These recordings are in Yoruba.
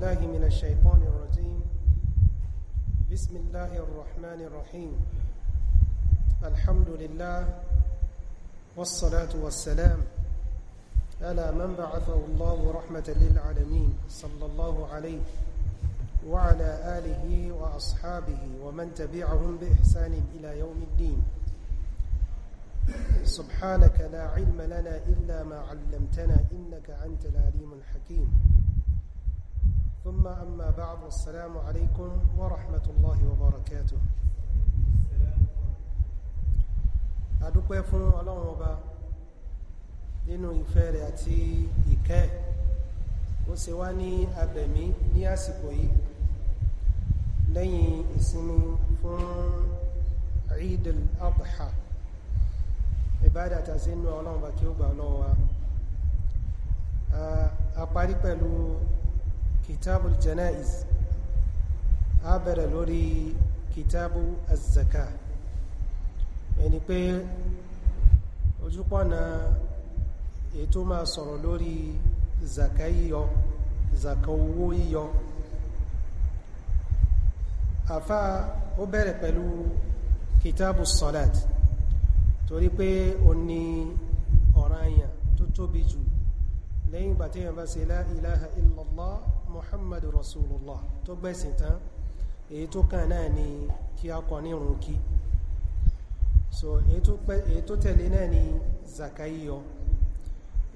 بالله من الشيطان الرجيم بسم الله الرحمن الرحيم الحمد لله والصلاة والسلام على من بعثه الله رحمة للعالمين صلى الله عليه وعلى آله وأصحابه ومن تبعهم بإحسان إلى يوم الدين سبحانك لا علم لنا إلا ما علمتنا إنك أنت العليم الحكيم ثم أما بعد السلام عليكم ورحمة الله وبركاته adúpẹ́ fún ọlọ́run ọba nínú ìfẹ́ rẹ̀ àti ìkẹ́ ó ṣe wá ní abẹ̀mí ní àsìkò yìí lẹ́yìn ìsinmi fún Eid al-Adha ìbádà tàṣínú ọlọ́run ọba kí ó gbà lọ́wọ́ wa a parí pẹ̀lú kitabu janaiz a bẹ̀rẹ̀ lórí kitabu azaka ẹni pé ojúpọ̀nà ètò máa sọ̀rọ̀ lórí zaka yíyọ zaka owó yíyọ àfá ó bẹ̀rẹ̀ pẹ̀lú kitabu salat torí pé ó ní ọ̀ranyàn tó tóbi jù lẹ́yìn gbàtíyàn bá ṣe la illallah muhammadu rasulullah tó gbẹ̀sìn tán èyí tó kàn náà ni kí a kọ ní irun kí so èyí tó tẹ̀lé náà ni zakaiyo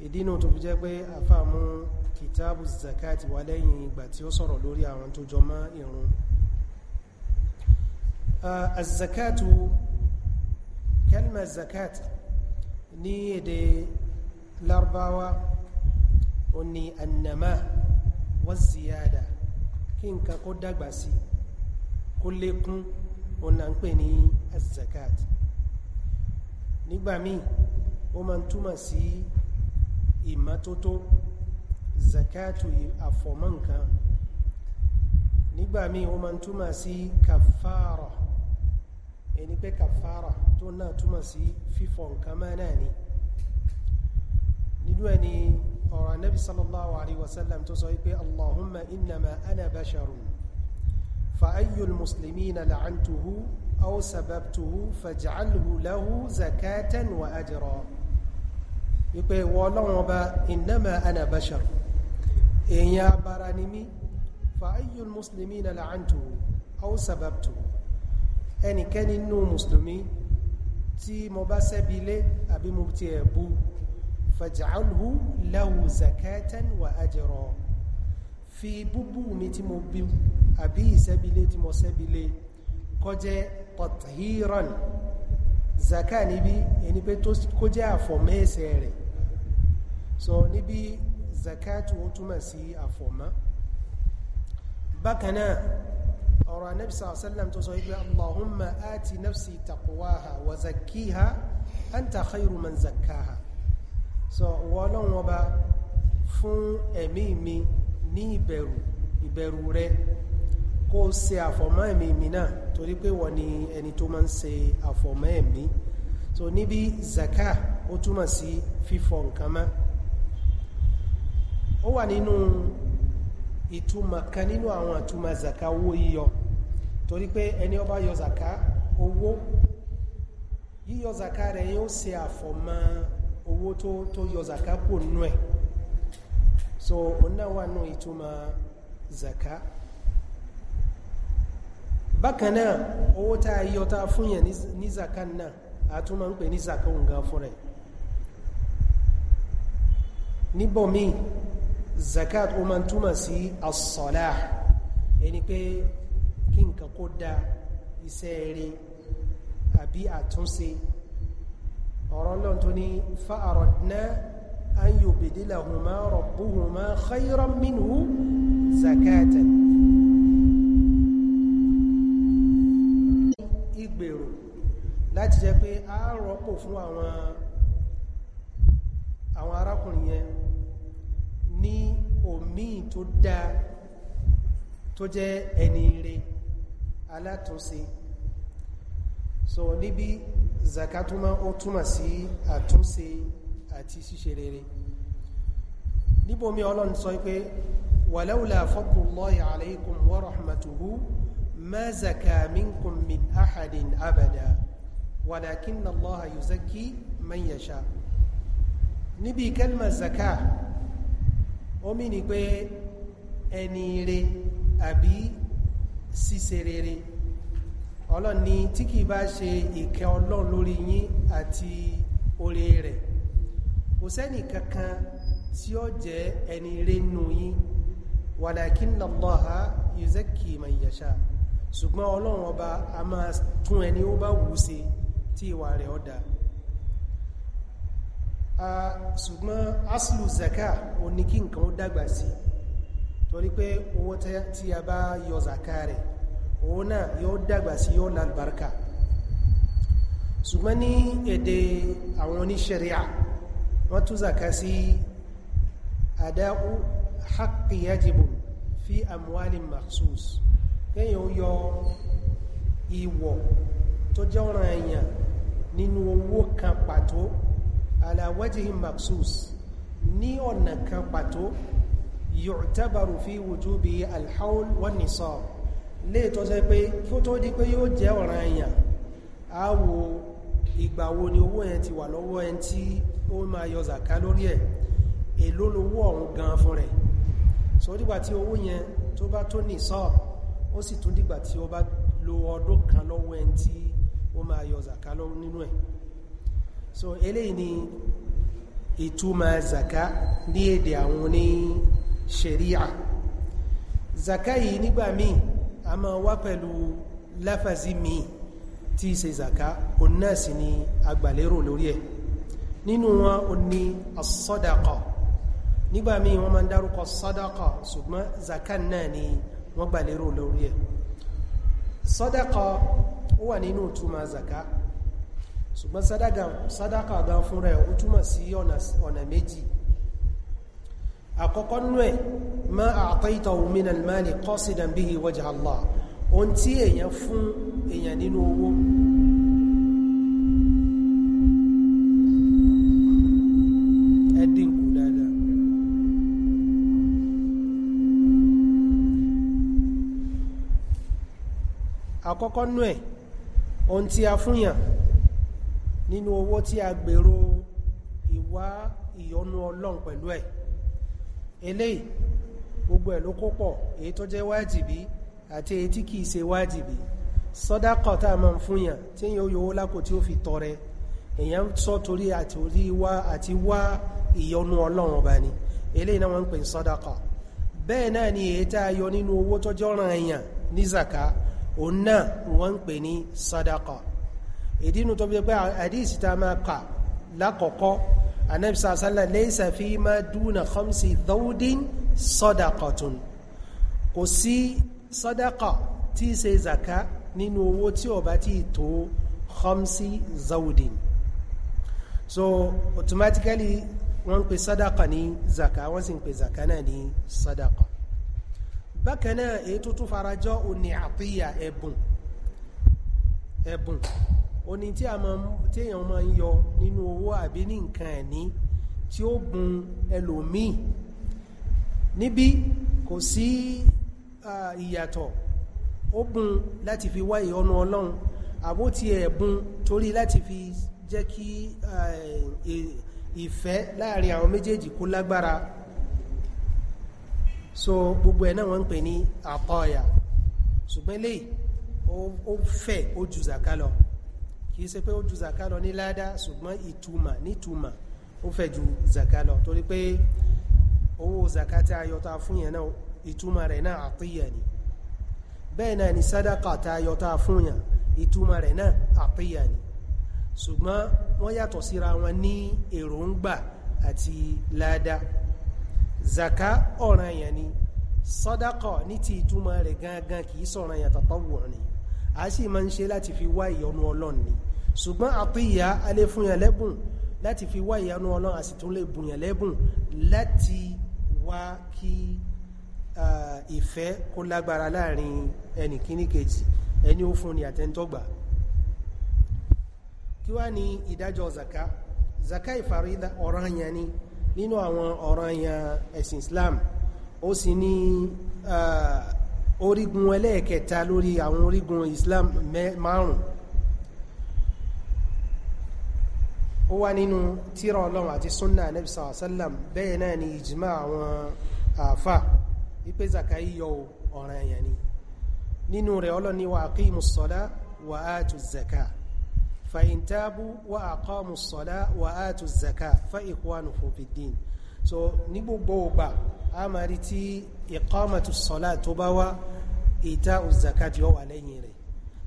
ìdínú tó fi jẹ́ pé àfàmú kìtàbù zakati wà lẹ́yìn ìgbà tí ó sọ̀rọ̀ lórí àwọn tó jọ mọ́ irun azakatu annama waziyada kí nǹkan kó dàgbà sí kó lékún òun là ń pè ní azakat nígbà míì ó máa ń túmọ̀ sí ìmọ́tótó zakatu àfọ̀mọ́ nǹkan nígbà míì ó máa ń túmọ̀ sí kàfàrà ẹni pé kàfàrà tó náà túmọ̀ sí fífọ̀ nǹkan máa náà nínú ẹni ọ̀rọ̀ anábì sallallahu alaihi wasallam tó sọ wípé allahumma innama ana basharun fa ayyul muslimina la'antuhu aw sababtuhu faj'alhu lahu zakatan wa ajra wípé ìwọ ọlọ́run ọba innama ana basharun èèyàn abara ni mí fa ayyul muslimina la'antuhu aw sababtuhu ẹnikẹ́ni nínú mùsùlùmí tí mo bá ṣẹ́bi lé àbí mo tiẹ̀ bú فاجعله له زكاة وأجرا في بوبو متمو بيو أبي سبيلي مو سبيلي كجة تطهيرا زكاة نبي يعني بيتوس كجة أفومي سيري so نبي زكاة وطمة سي أفوما بكنا أرى النبي صلى الله عليه وسلم تصويب اللهم آتي نفسي تقواها وزكيها أنت خير من زكاها so wọ́n ọlọ́run ọba fún ẹ̀mí mi ní ìbẹ̀rù ìbẹ̀rù rẹ kó ṣe àfọ̀mọ́ ẹ̀mí mi náà torí pé wọ́n ni ẹni tó máa ń ṣe àfọ̀mọ́ ẹ̀mí so níbi zaka ó túmọ̀ sí fífọ̀ nǹkan mọ́ ó wà nínú ìtumọ̀ kan nínú àwọn ìtumọ̀ zaka owó yíyọ torí pé ẹni ó bá yọ zaka owó yíyọ zaka rẹ̀ yóò ṣe àfọ̀mọ́ owó tó tó yọ zaka kò nú ẹ̀ so ọ̀nà wà nù ìtumọ̀ zaka bákanáà owó tá a yọ tá a fún yẹn ní zaka náà a tún máa ń pè ní zaka òǹgá fún rẹ̀ níbọ̀mí zakat ó máa túmọ̀ sí as ẹni pé kí nǹkan kó da iṣẹ́ rere àbí àtúnṣe ọ̀rọ̀ lọ́n tó ní fa'aradna an yubdilahuma rabbuhuma khayran minhu zakatan ìgbèrò láti jẹ́ pé a rọ́pò fún àwọn arákùnrin yẹn ní omi tó dáa tó jẹ́ ẹni rẹ̀ alátúnṣe so níbi zakatuma ó túmọ̀ sí àtúnṣe àti ṣíṣe rere níbomi ọlọ́run sọ pé wàláwùlà fadlullahi alaykum wa rahmatuhu ma zaka minkum min ahadin abada walakinna Allaha yuzakki man yasha níbi kalmar zaka omi ni pé ẹni rere àbí ṣíṣe rere ọlọ́run ni tí kìí bá ṣe ìkẹ́ ọlọ́run lórí yín àti oore rẹ̀ kò sẹ́ni kankan tí ó jẹ́ ẹni rénú yín walakinna Allaha yuzakki man ṣùgbọ́n ọlọ́run ọba a máa tún ẹni ó bá wù ú tí ìwà rẹ̀ ó ṣùgbọ́n aslu zaka o ní kí nǹkan ó dàgbà sí torí pé owó tí a bá yọ zaka rẹ̀ òun náà yóò dàgbà sí yóò lálùbáríkà ṣùgbọ́n ní èdè àwọn oníṣẹ̀ríà wọ́n tún zàká sí àdáhù haqqi yajibu fi amwali makhsus kéèyàn ó yọ ìwọ̀ tó jẹ́ ọ̀ràn èèyàn nínú owó kan pàtó ala wajhi ní ọ̀nà kan pàtó yu'tabaru fi wujubi alhaul wa nisab lè tó sẹ pé fún tó di pé yóò jẹ́ ọ̀ràn èèyàn á wo ìgbà wo ni owó yẹn ti wà lọ́wọ́ ẹni tí ó máa yọ zàká lórí ẹ̀ èló lówó ọ̀hún gan fún rẹ̀ so dìgbà tí owó yẹn tó bá tó ní sọ́ọ̀ ó sì tún dìgbà tí ó bá lo ọdún kan lọ́wọ́ ẹni tí ó máa yọ zàká lọ́wọ́ nínú ẹ̀ so eléyìí ni ìtumọ̀ zàká ní èdè àwọn oní zàká yìí nígbà míì a máa wá pẹ̀lú láfàzí mi tí ṣe zaka o náà sì ni agbàlérò lórí ẹ̀ nínú wọn o ní as-sadaqa nígbà míì wọ́n máa ń dárúkọ sadaqa ṣùgbọ́n zaka náà ni wọ́n gbàlérò lórí ẹ̀ sadaqa ó wà nínú túmọ̀ zaka ṣùgbọ́n sadaqa gan fúnra ẹ̀ ó túmọ̀ sí ọ̀nà méjì àkọ́kọ́ nú ẹ̀ ma a'taytahu min al-mali qasidan bihi wajha Allah ohun tí èèyàn fún èèyàn nínú owó ẹ̀dínkù dáadáa àkọ́kọ́ ohun tí a fúnyàn nínú owó tí a gbèrò ìwá ìyọnú ọlọ́run pẹ̀lú ẹ̀ eléyìí gbogbo ẹ̀ ló kó pọ̀ èyí tó jẹ́ wájìbí àti èyí tí kìí ṣe wájìbí sọ́dákọ̀ tá a máa ń fún yàn tí yóò yówó tí ó fi tọrẹ èyàn sọ torí àti orí wá àti wá ìyọnu ọlọ́run ọba ni eléyìí náà wọ́n ń pè ní sọ́dákọ̀ bẹ́ẹ̀ náà ni èyí tá a yọ nínú owó tó jọ́ràn èyàn ní zaka òun náà wọ́n ń pè ní sọ́dákọ̀ ìdínú tó bí pé àdíìsì tá a máa kà lákọ̀ọ́kọ́ anabi sàásánlá laysa fi ma duna khamsi dhawdin sadaqatun kò sí sadaqa tí í ṣe zaka nínú owó tí ó bá ti tó khamsi dhawdin so automatically wọ́n ń pè sadaqa ní zaka wọ́n sì ń pè zaka náà ní sadaqa bákan náà èyí tó tún farajọ́ òní àtíyà ẹ̀bùn oní tí a máa tí èèyàn máa ń yọ nínú owó àbí ní nǹkan ẹ̀ní tí ó gun ẹlòmíì níbi kò sí ìyàtọ̀ ó gun láti fi wá ìyọ́nú ọlọ́run àbó ti ẹ̀bùn torí láti fi jẹ́ kí ìfẹ́ láàrin àwọn méjèèjì kó lágbára so gbogbo ẹ̀ náà wọ́n ń pè ní àpọ̀ọ̀yà ṣùgbọ́n lè ó fẹ̀ ó jù zàká lọ kìí ṣe pé ó ju zaka lọ ní ládá ṣùgbọ́n ìtumà nítumà ó fẹ̀ ju zaka lọ torí pé owó zaka tí a yọta fún yẹn náà ìtumà rẹ̀ náà àtíyà ni bẹ́ẹ̀ náà ni sádàkà tí a yọta fún yẹn ìtumà rẹ̀ náà àtíyà ni ṣùgbọ́n wọ́n yàtọ̀ síra wọn ní èròǹgbà àti ládá zaka ọ̀ranyàn ni sádàkà ní ti ìtumà rẹ̀ gangan kìí sọ̀ranyàn tàtàwọ̀ ni a sì máa ń ṣe láti fi wá ìyọ́nú ọlọ́run ni ṣùgbọ́n àpéyà alẹ́ fún yàn lẹ́bùn láti fi wá ìyọ́nú ọlọ́run a sì tún lè bùn yàn lẹ́bùn láti wá kí ìfẹ́ kó lágbára láàrin ẹnì kíní kejì ẹni ó fún ni àtẹ́ntọ́gbà kí wá ní ìdájọ́ zaka zaka ìfarida ọ̀ranyàn ni nínú àwọn ọ̀ranyàn ẹ̀sìn Islam ó sì ní uh, orígun ẹlẹ́ẹ̀kẹta lórí àwọn orígun Islam márùn ó wá nínú tírà Ọlọ́run àti súnnà Ànábì sallallahu alaihi wasallam bẹ́ẹ̀ náà ni ìjìmá àwọn àfà wípé zaka yíyọ ọ̀ràn èèyàn ni nínú rẹ̀ Ọlọ́run ní wa aqimu sọ́lá wa áàtù zaka fa in tabu wa aqamu sọ́lá wa áàtù zaka fa ikhwanukum fid din so ní gbogbo ọgbà a máa rí tí ìkọ́mọ̀tò sọ́lá tó bá wá ìta zakati ó wà lẹ́yìn rẹ̀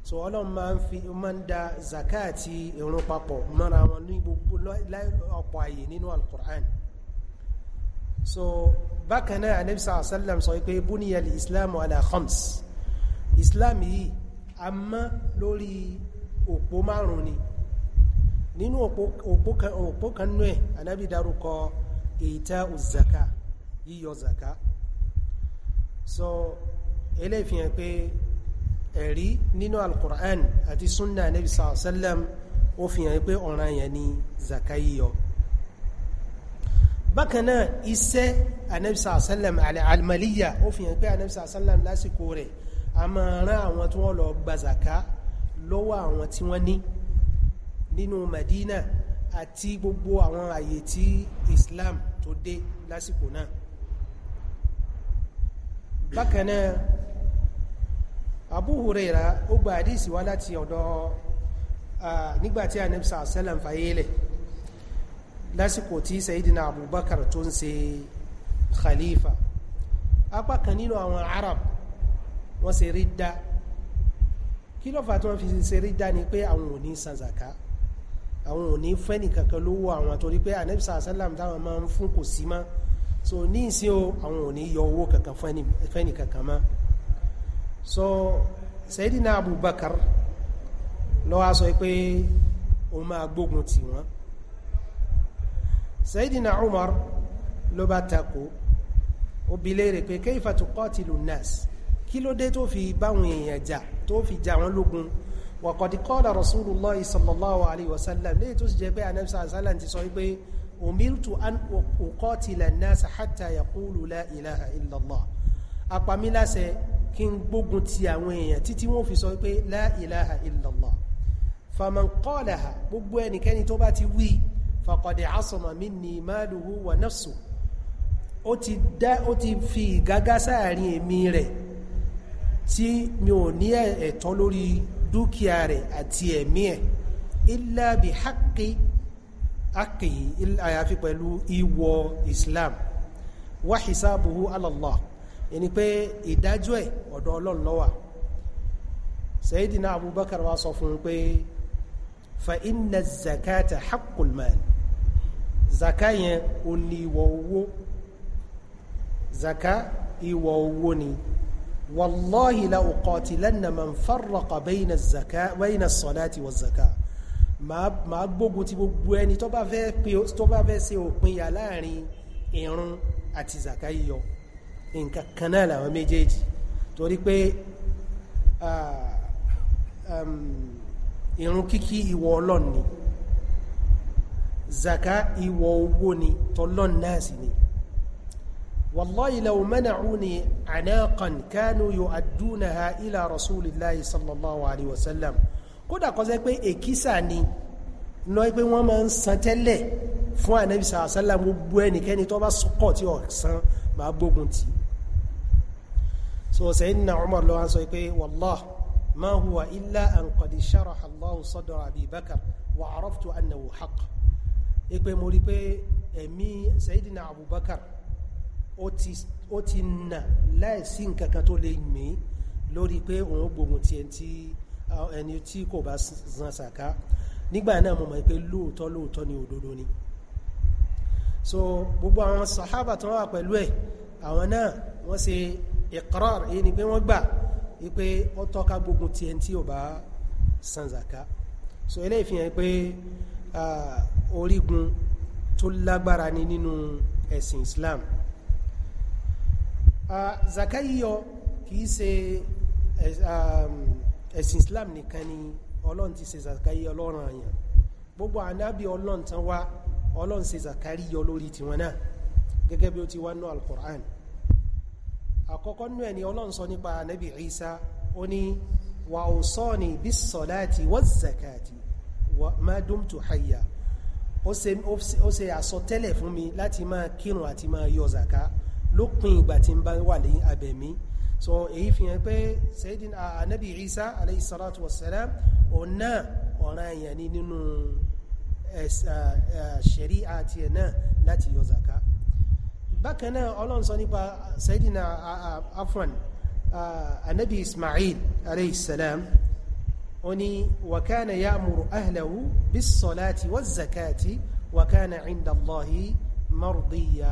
so ọlọ́run máa ń fi máa ń da zakati irun papọ̀ mọ́ra wọn ní gbogbo ọ̀pọ̀ àyè nínú alukur'an so bákan náà anabi sàlá sàlám sọ pé buniyal islam ala khams islam yìí a mọ́ lórí òpó márùn ni nínú òpó kan nú ẹ̀ anabi dárúkọ ìta zaka yíyọ zaka so eléyìí fi hàn pé ẹ̀rí nínú alkùrán àti súnnà Ànábì sàásẹ́lẹ̀m ó fi hàn pé ọ̀ràn yẹn ni zaka yíyọ bákanáà iṣẹ́ Ànábì sàásẹ́lẹ̀m almaliya ó fi hàn pé Ànábì sàásẹ́lẹ̀m lásìkò rẹ̀ a máa rán àwọn tí wọ́n lọ gba zaka lọ́wọ́ àwọn tí wọ́n ní nínú Madina àti gbogbo àwọn àyè tí Islam tó dé lásìkò náà bákanáà Abu Huraira ó gba àdísì wá láti ọ̀dọ̀ nígbàtí anẹ́bsà sẹ́lẹ̀m fayélẹ̀ lásìkò tí sayidina Abubakar tó ń ṣe khalifa apá kan nínú àwọn Arab wọ́n ṣe rí dá kí ló fà tó fi ṣe rí dá ni pé àwọn ò san zaka àwọn ò ní kankan lówó àwọn torí pé anẹ́bsà sẹ́lẹ̀m táwọn máa ń fún kò sí so ní ìsìn o àwọn ò ní yọ owó kankan fẹ́ni kankan mọ́ so Sayyidina Abubakar lọ́wọ́ sọ pé o máa gbógun tì wọ́n Sayyidina Umar ló bá takò ó bi léèrè pé kayfa tuqatilu nas kí ló dé tó fi báwọn èèyàn jà tó fi jà wọ́n lógun wa qad qala Rasulullahi sallallahu alaihi wasallam léè tó sì jẹ́ pé anẹ́bísà sálà ti sọ wípé umirtu an uqatila an-nasa hatta yaqulu la ilaha illallah apami láṣẹ kí n gbógun ti àwọn èèyàn títí wọ́n fi sọ pé la ilaha illallah faman qalaha gbogbo ẹnikẹ́ni tó bá ti wí faqad asama minni maluhu wa nafsuhu ó ti dá ó ti fi ìgágá sáàrin èmi rẹ̀ tí mi ò ní ẹ̀tọ́ lórí dúkìá rẹ̀ àti ẹ̀mí ẹ̀ illa bi haqqi akì àyàfi pẹ̀lú ìwọ islam wá hisabuhu ala Allah ẹni pé ìdájọ́ ẹ̀ ọ̀dọ̀ ọlọ́run ló wà sayidina abubakar wa sọ fún pé fa inna zakata haqqul mal zaka yẹn o ní ìwọ owó zaka ìwọ owó ni wallahi la uqatilanna man farraqa bayna az màá gbógun ti gbogbo ẹni tó bá fẹ́ pé tó bá fẹ́ ṣe òpinya láàrin ìrun àti zaka yíyọ nǹkan kan náà làwọn méjèèjì torí pé ìrun kíkí ìwọ Ọlọ́run ni zaka ìwọ owó ni tọ́lọ́n náà sì ni wallahi law mana'uni anaqan kanu yu'addunaha ila rasulillahi sallallahu alaihi wasallam kódà kọ́ sẹ́ pé èkísà ni lọ pé wọ́n máa ń san tẹ́lẹ̀ fún ànábì sàásálà gbogbo ẹnikẹ́ni tó bá sọ́kọ̀ tí ọ̀sán máa gbógun ti so sayyidina Umar lọ wọ́n sọ pé wallah ma huwa illa an qad sharaha Allahu sadra Abi Bakr wa araftu annahu haqq ipe mo rí pé ẹ̀mí sayyidina Abubakar ó ti nà láìsí nǹkan tó lè mí lórí pé òun gbógun ti ẹni ẹni tí kò bá san sàká nígbà náà mo mọ̀ pé lóòótọ́ lóòótọ́ ni òdodo ni so gbogbo àwọn sàhábà tó wà pẹ̀lú ẹ̀ àwọn náà wọ́n ṣe iqrar èyí ni pé wọ́n gbà wípé ó tọ́ka gbógun ti ẹni tí ò bá san sàká so eléyìí fi hàn pé orígun tó lágbára ni nínú ẹ̀sìn Islam zaka yíyọ kìí ṣe ẹ̀sìn islam nìkan ni ọlọ́run ti ṣe zakari ọlọ́run àyàn gbogbo ànábì ọlọ́run tán wá ọlọ́run ṣe zakari yọ lórí tiwọn náà gẹ́gẹ́ bí ó ti wá nú alkùrán àkọ́kọ́ nú ẹni ọlọ́run sọ nípa ànábì isa ó ní wà ó sọ ní bí sọ̀láti wọ́n zakati ma dumtu hayya so èyí fi hàn pé sayidin ànábì Isa alayhi salatu wassalam òun náà ọ̀ràn èèyàn ní nínú ṣẹ̀rí àti ẹ̀ láti yọ zaka bákan náà ọlọ́run sọ nípa sayidin afwan ànábì Ismail alayhi salam ó ní ya ya'muru ahlahu bis salati wa zakati wakana inda Allahi mardiya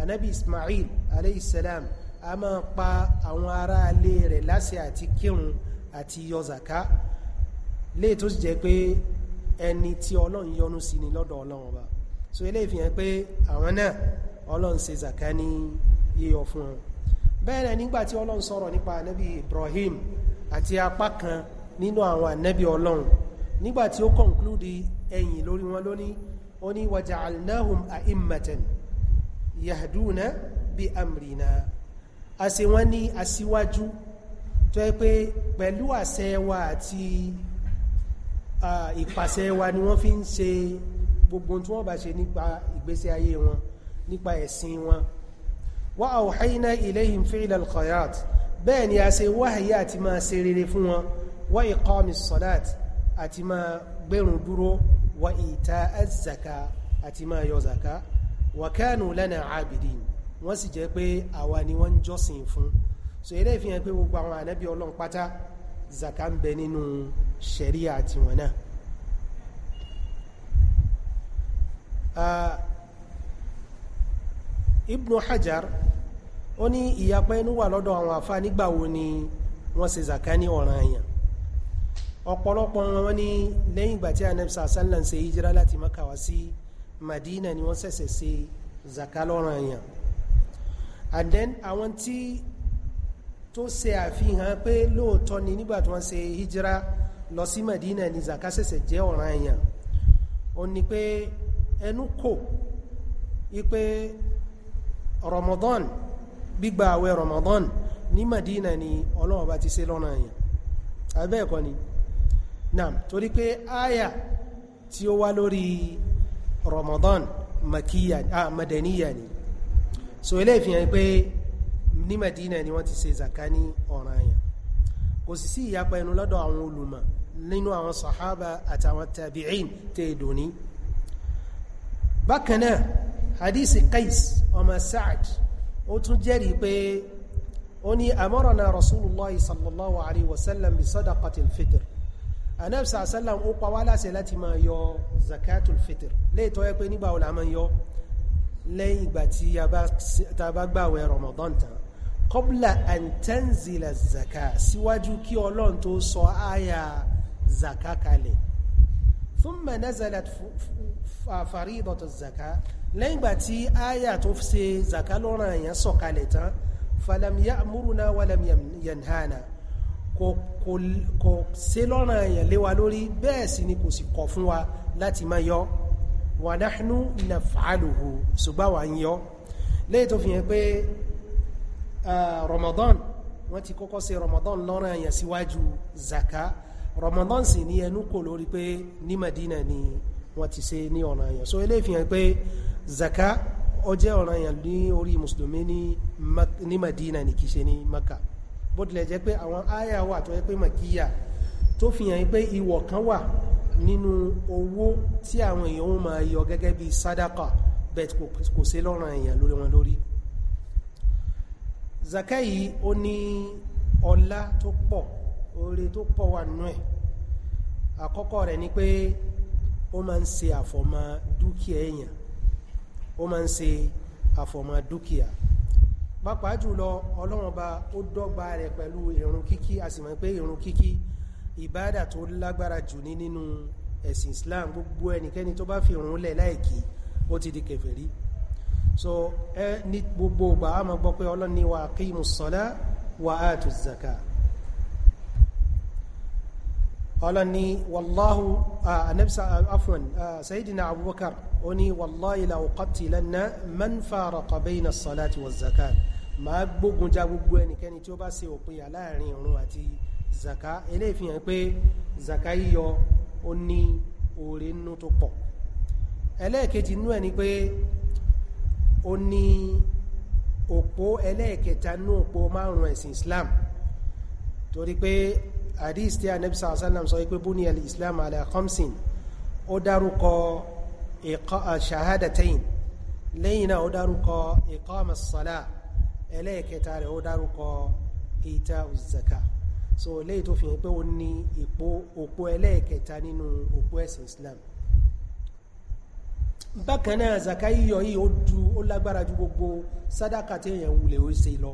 ànábì Ismail alayhi salam a máa pa àwọn ará ilé rẹ̀ láṣẹ àti kírun àti yọ zaka léè tó sì jẹ́ pé ẹni tí ọlọ́run yọ́nú sí ni lọ́dọ̀ ọlọ́run ọba so eléyìí fi hàn pé àwọn náà ọlọ́run ṣe zaka ní yíyọ fún wọn bẹ́ẹ̀ náà nígbà tí ọlọ́run sọ̀rọ̀ nípa ànábì Ibrahim àti apá kan nínú àwọn ànábì ọlọ́run nígbà tí ó kọ̀ǹklúdi ẹ̀yìn lórí wọn lóní ó ní waja'alnahum a'immatan yahduna bi amrina a ṣe wọ́n ní aṣíwájú tó yẹ pé pẹ̀lú àṣẹ wa àti ìpàṣẹ wa ni wọ́n fi ń ṣe gbogbo tí wọ́n bá ṣe nípa ìgbésí ayé wọn nípa ẹ̀sìn wọn wa awhayna ilayhim fi'la al-khayrat bẹ́ẹ̀ ni a wọ́n sì jẹ́ pé àwa ni wọ́n ń jọ́sìn fún so eré ìfihàn pé gbogbo àwọn ànábì ọlọ́run pátá zaka ń bẹ nínú ṣẹ̀ríà àti wọn náà ibnu hajar ó ní ìyapẹ́ inú wà lọ́dọ̀ àwọn àfá nígbà wo ni wọ́n ṣe zaka ní ọ̀ràn àyàn ọ̀pọ̀lọpọ̀ wọn ní lẹ́yìn ìgbà tí anẹ́bsa sallan ṣe hijira láti maka sí madina ni wọ́n ṣẹ̀ṣẹ̀ ṣe zaka lọ́ràn àyàn and then àwọn tí tó ṣe àfihàn pé lóòtọ́ ni nígbà tí wọ́n ṣe hijira lọ sí Madina ni zaka ṣẹ̀ṣẹ̀ jẹ́ ọ̀ràn èèyàn ó ní pé ẹnu kò wípé Ramadan gbígba àwẹ̀ Ramadan ní Madina ni Ọlọ́run bá ti ṣe lọ́nà èèyàn abẹ́ẹ̀kọ́ ni náà torí pé aya tí ó wá lórí Ramadan makiya ah madaniya ni so ilé ìfihàn pé ní Madina ni wọ́n ti ṣe zaka ní ọ̀ranyàn kò sì sí ìyapa ẹnu lọ́dọ̀ àwọn olùmọ̀ nínú àwọn sahaba àtàwọn tabi'in tẹ́ ìdòní bákan náà hadisi Qais ọmọ Sa'd ó tún jẹ́rìí pé ó ní amọ́rọ̀nà rasulullahi sallallahu alaihi wasallam bi sadaqatil fitr anabisa sallam ó pa wá láti máa yọ zakatul fitr léètọ́ ẹ pé nígbà wo yọ lẹ́yìn ìgbà tí a bá gbàwẹ̀ Ramadan tán kọ́bùlà àǹtẹ́ǹzìlà zaka síwájú kí ọlọ́run tó sọ àyà zaka kalẹ̀ thumma nazalat faridatu zaka lẹ́yìn ìgbà tí àyà tó ṣe zaka lọ́rọ̀ èèyàn sọ kalẹ̀ tán falam ya'muruna walam yanhana kò ṣe lọ́rọ̀ èèyàn léwa lórí bẹ́ẹ̀ sì ni kò sì kọ̀ fún wa láti máa yọ́ wa nahnu naf'aluhu ṣùgbọ́n wà ń yọ lẹ́yìn tó fi hàn pé Ramadan wọ́n ti kọ́kọ́ ṣe Ramadan lọ́rọ̀ èèyàn síwájú zaka Ramadan sì ní ẹnu kò lórí pé ní Madina ni wọ́n ti ṣe ní ọ̀rọ̀ èèyàn so eléyìí fi hàn pé zaka ó jẹ́ ọ̀rọ̀ èèyàn ní orí mùsùlùmí ní Madina ni kìí ṣe ní Maka bó tilẹ̀ jẹ́ pé àwọn áyà wà tó yẹ pé Makiya tó fi hàn pé ìwọ̀ kan wà nínú owó tí àwọn èèyàn ó máa yọ gẹ́gẹ́ bí sádàkà bet kò sí lọ́ràn èèyàn lórí wọn lórí zaka yìí ó ní ọlá tó pọ̀ oore tó pọ̀ wà nú ẹ̀ àkọ́kọ́ rẹ̀ ni pé ó máa ń ṣe àfọ̀mọ́ dúkìá èèyàn ó máa ń ṣe àfọ̀mọ́ dúkìá pàápàá jùlọ ọlọ́run ọba ó dọ́gba rẹ̀ pẹ̀lú ìrun kíkí a sì mọ̀ pé ìrun kíkí ìbádà tó lágbára jù ní nínú ẹ̀sìn Islam gbogbo ẹnikẹ́ni tó bá fi rún lẹ̀ láìkí ó ti di kèfèrí so ẹ ní gbogbo ọgbà a máa gbọ́ pé ọlọ́ni wa aqimu sọ́lá wa áàtù zaka ọlọ́ni wallahu anabisa afwan sayidina abubakar ó ní wallahi la uqatilanna man faraqa bayna salati wa zaka ma gbógun ja gbogbo ẹnikẹ́ni tí ó bá ṣe òpin yà láàrin àti zaka eléyìí fi hàn pé zaka yíyọ ó ní oore nínú tó pọ̀ ẹlẹ́ẹ̀kejì inú ẹ̀ ni pé ó ní òpó ẹlẹ́ẹ̀kẹta nínú òpó márùn-ún ẹ̀sìn Islam torí pé hadith tí Ànábì sallallahu alaihi wasallam sọ pé buni al-Islam ala khamsin ó dárúkọ ah, shahadatain lẹ́yìn náà ó dárúkọ iqamas salah ẹlẹ́ẹ̀kẹta rẹ̀ ó dárúkọ ìta uzzaka so léyìí tó fi hàn pé ó ní ipò òpó ẹlẹ́ẹ̀kẹta nínú òpó ẹ̀sìn Islam bákan náà zaka yíyọ yìí ó du ó lágbára ju gbogbo sádàkà tí èèyàn wulẹ̀ ó ṣe lọ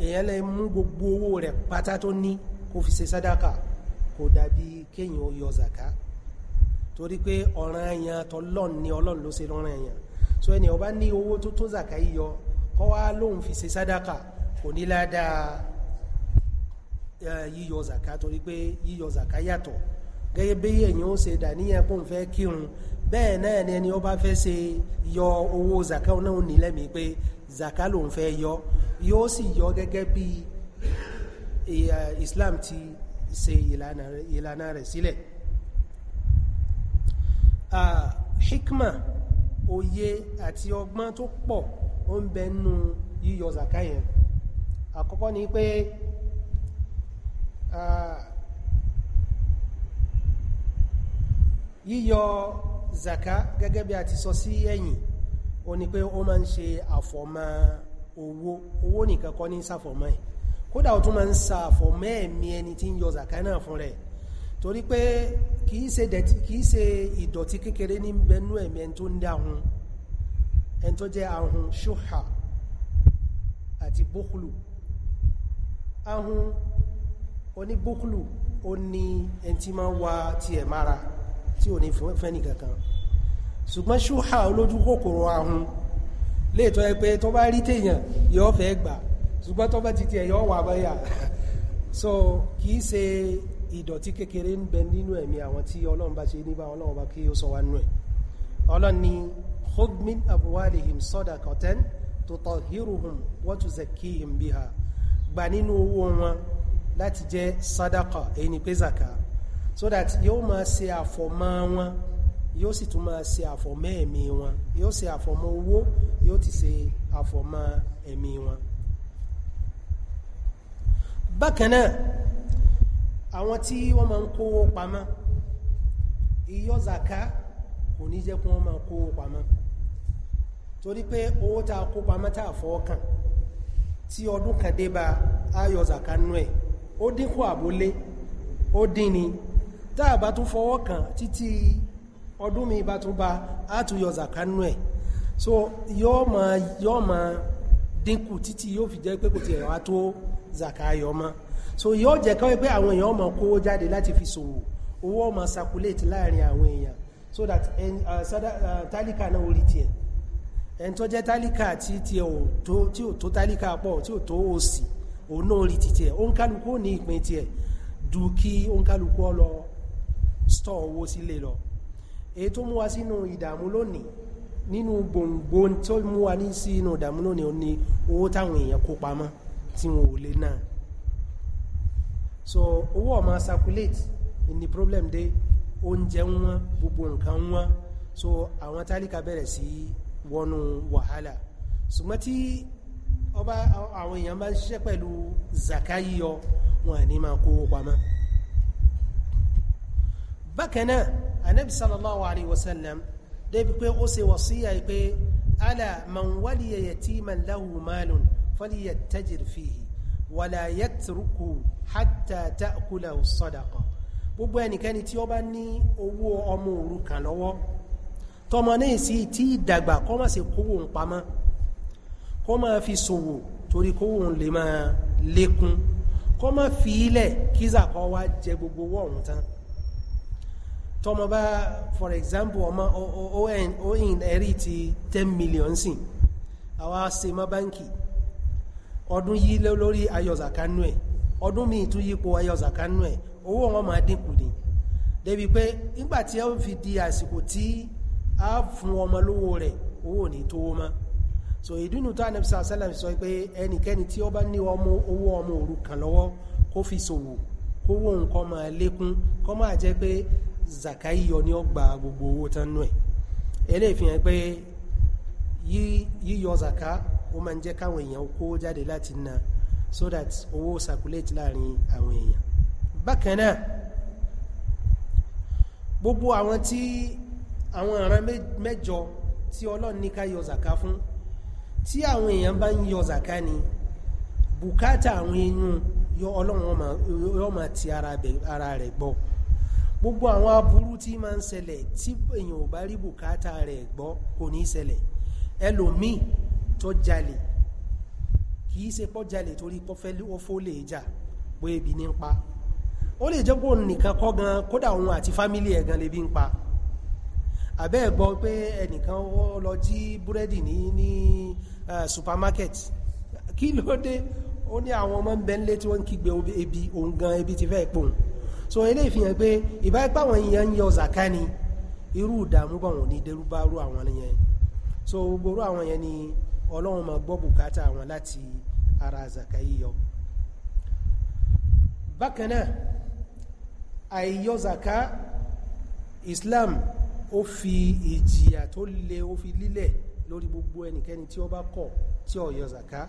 èèyàn lè mú gbogbo owó rẹ̀ pátá tó ní kó fi ṣe sádàkà kò dàbí kéèyàn ó yọ zaka torí pé ọ̀ràn èèyàn tọ́lọ́n ni ọlọ́run ló ṣe lọ́ràn èèyàn so ẹni ó bá ní owó tó tó zaka yíyọ kọ́ wá lóun fi ṣe sádàkà kò ní ládàá yíyọ zaka torí pé yíyọ zaka yàtọ̀ gẹ́gẹ́ bí èyàn ó ṣe dàníyàn pò ń fẹ́ kírun bẹ́ẹ̀ náà ni ẹni ó bá fẹ́ ṣe yọ owó zaka náà ní lẹ́mìí pé zaka ló ń fẹ́ yọ yóò sì yọ gẹ́gẹ́ bí Islam ti ṣe ìlànà rẹ̀ sílẹ̀ hikma òye àti ọgbọ́n tó pọ̀ ó ń bẹ nínú yíyọ zaka yẹn àkọ́kọ́ ni pé Ah, yíyọ zaka gẹ́gẹ́ bí a ti sọ sí ẹ̀yìn o ni pé ó máa ń ṣe àfọ̀mọ́ owó owó nìkan kọ́ ní sàfọ̀mọ́ ẹ̀ kódà ó tún máa ń sa àfọ̀mọ́ ẹ̀mí ẹni tí ń yọ zaka náà fún rẹ̀ torí pé kìí ṣe dẹ̀tí kìí ṣe ìdọ̀tí kékeré ní bẹnú ẹ̀mí ẹni tó ń dá ahun ẹni tó jẹ́ ahun ṣúhà àti bókùlù ahun oníbúkúlù ó ní ẹni tí máa ń wa tiẹ̀ mára tí ò ní fẹ́ni kankan ṣùgbọ́n ṣúhà olójú kòkòrò ahun lè tọ́ ẹ pé tó bá rí téèyàn yóò fẹ́ gbà ṣùgbọ́n tó bá ti tiẹ̀ yóò wà báyà so kì í ṣe ìdọ̀tí kékeré ń bẹ nínú ẹ̀mí àwọn tí ọlọ́run bá ṣe níbà ọlọ́run bá kí ó sọ wá nú ẹ̀ ọlọ́run ni khudh min abwalihim sadaqatan tutahhiruhum wa tuzakkihim biha gbà nínú owó wọn láti jẹ́ sadaka èyí ni pé zaka so that yóò máa ṣe àfọ̀mọ́ wọn yóò sì tún máa ṣe àfọ̀mọ́ ẹ̀mí wọn yóò ṣe àfọ̀mọ́ owó yóò ti ṣe àfọ̀mọ́ ẹ̀mí wọn bákan àwọn tí wọ́n máa ń kó pamọ́ iyọ́ zaka kò ní jẹ́ kí wọ́n máa kó pamọ́ torí pé owó tá a kó pamọ́ tá a kàn tí ọdún kan dé bá ayọ̀ zaka nú ẹ̀ ó dínkù àbólé ó dín ni tá a bá tún fọwọ́ kàn títí ọdún mi bá tún bá a tún ẹ̀ so yóò ma yóò ma dínkù títí yóò fi jẹ́ pé kò tiẹ̀ wá tó zakayọ mọ́ so yóò jẹ́ kọ́ pé àwọn èèyàn ọmọ kówó jáde láti fi ṣòwò owó ọmọ circulate láàrin àwọn èèyàn so that eh, eh, eh, tálíkà náà orí tiẹ̀ ẹni tó jẹ́ tálíkà tí tí ò tó tálíkà pọ̀ tí ò tó òsì òun náà rí títí ẹ̀ òǹkálukú ò ní ìpín tí ẹ̀ dù kí òǹkálukú ọ lọ stọ̀ owó sílé lọ èyí tó mú wa sínú ìdààmú lónìí nínú gbòǹgbò tó mú wa ní sínú ìdààmú lónìí ni owó táwọn èèyàn kó pamọ́ tí wọn ò lè náà so owó ọmọ circulate ni problem dé oúnjẹ wọn gbogbo nǹkan wọn so àwọn tálíkà bẹ̀rẹ̀ sí wọnú wàhálà ṣùgbọ́n tí ọba àwọn èèyàn bá ń ṣiṣẹ́ pẹ̀lú zaka yíyọ wọn ní máa kó pamọ́ bákan náà anabi sallallahu alayhi wa sallam débi pé ó ṣe wàsíyà pé ala man waliya yatiman lahu malun falyatajir fihi wala yatruku hatta ta'kulahu sadaqa gbogbo ẹnikẹ́ni tí ó bá ní owó ọmọ òrukàn lọ́wọ́ tọmọ náà sì tí ìdàgbà kó má ṣe kówó ń pamọ́ kó máa fi ṣòwò torí kóhùn lè ma lékún kó fi ilẹ kiza zakọ gbogbo owó ọ̀hún tán for example ọmọ o in ẹ̀rí ti 10 million sí àwa ṣe mọ́ báńkì ọdún yìí lórí ayọ̀zàkánú ẹ̀ ọdún míì ma yípo owó wọn di àsìkò a fún rẹ so ìdínú tá ànábì sàásálàm sọ pé ẹnikẹ́ni tí ó bá ní ọmọ owó ọmọ òrukàn lọ́wọ́ kó fi ṣòwò kó wó nǹkan máa lékún kó máa jẹ́ pé zakai yọ ni ó gba gbogbo owó tán nú ẹ̀ eléyìí fi hàn pé yíyọ zaka ó máa ń jẹ́ káwọn èèyàn kó jáde láti na so that owó circulate láàrin àwọn èèyàn bákan náà gbogbo àwọn tí àwọn ìran mẹ́jọ tí Ọlọ́run ní ká yọ zaka fún tí àwọn èèyàn bá ń yọ zaka ni bùkátà àwọn èèyàn yọ ọlọ́run yọ ma ti ara rẹ̀ gbọ́ gbogbo àwọn aburú tí ma ń ṣẹlẹ̀ tí èèyàn ò bá rí bùkátà rẹ̀ gbọ́ kò ní ṣẹlẹ̀ ẹlòmíì tó jalè kìí ṣe pọ́ jalè torí pọ́ lè jà bó ebi ní pa ó lè jẹ́ pé òun nìkan kọ́ gan kódà òun àti fámílì ẹ̀ gan lè bí ń pa àbẹ́ ẹ̀ gbọ́ pé ẹnìkan lọ jí búrẹ́dì ní ní Eh, supermarket kí ló dé ó ní àwọn ọmọ ń bẹ nílé tí wọ́n ń kígbe ebi òun gan ebi ti fẹ́ pòun so eléyìí fi hàn pé ìbá ipá àwọn èèyàn ń yọ zaka ni irú ìdààmú bá wọn ní dérúbárú àwọn yẹn so gbogbo àwọn yẹn ni ọlọ́run máa gbọ́ bùkátà àwọn láti ara zaka yíyọ bákan náà àìyọ zaka Islam ó fi ìjìyà tó le ó fi lílẹ̀ lórí gbogbo ẹnikẹ́ni tí ó bá kọ̀ tí ó yọ zaka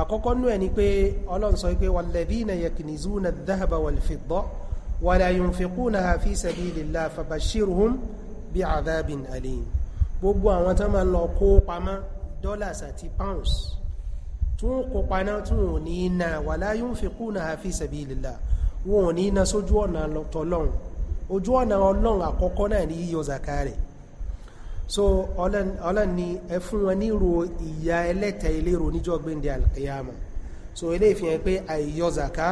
àkọ́kọ́ nú ẹ̀ ni pé ọlọ́run sọ pé walladhina yaknizuna adh-dhahaba wal-fidda wala yunfiqunaha fi sabilillah fabashshirhum bi'adhabin alim gbogbo àwọn tán máa lọ kó pamọ́ dollars àti pounds tún kó paná tún ò ní na wala yunfiqunaha fi sabilillah wọn ò ní na sójú ọ̀nà tọlọ́run ojú ọ̀nà ọlọ́run àkọ́kọ́ náà ní yíyọ zaka so ọlọ́n ni ẹ fún wọn níro ìyà ẹlẹ́ta ìlérò níjọ́ gbẹ́ndẹ̀ alkiyama so ilé ìfihàn pé àìyọ zaka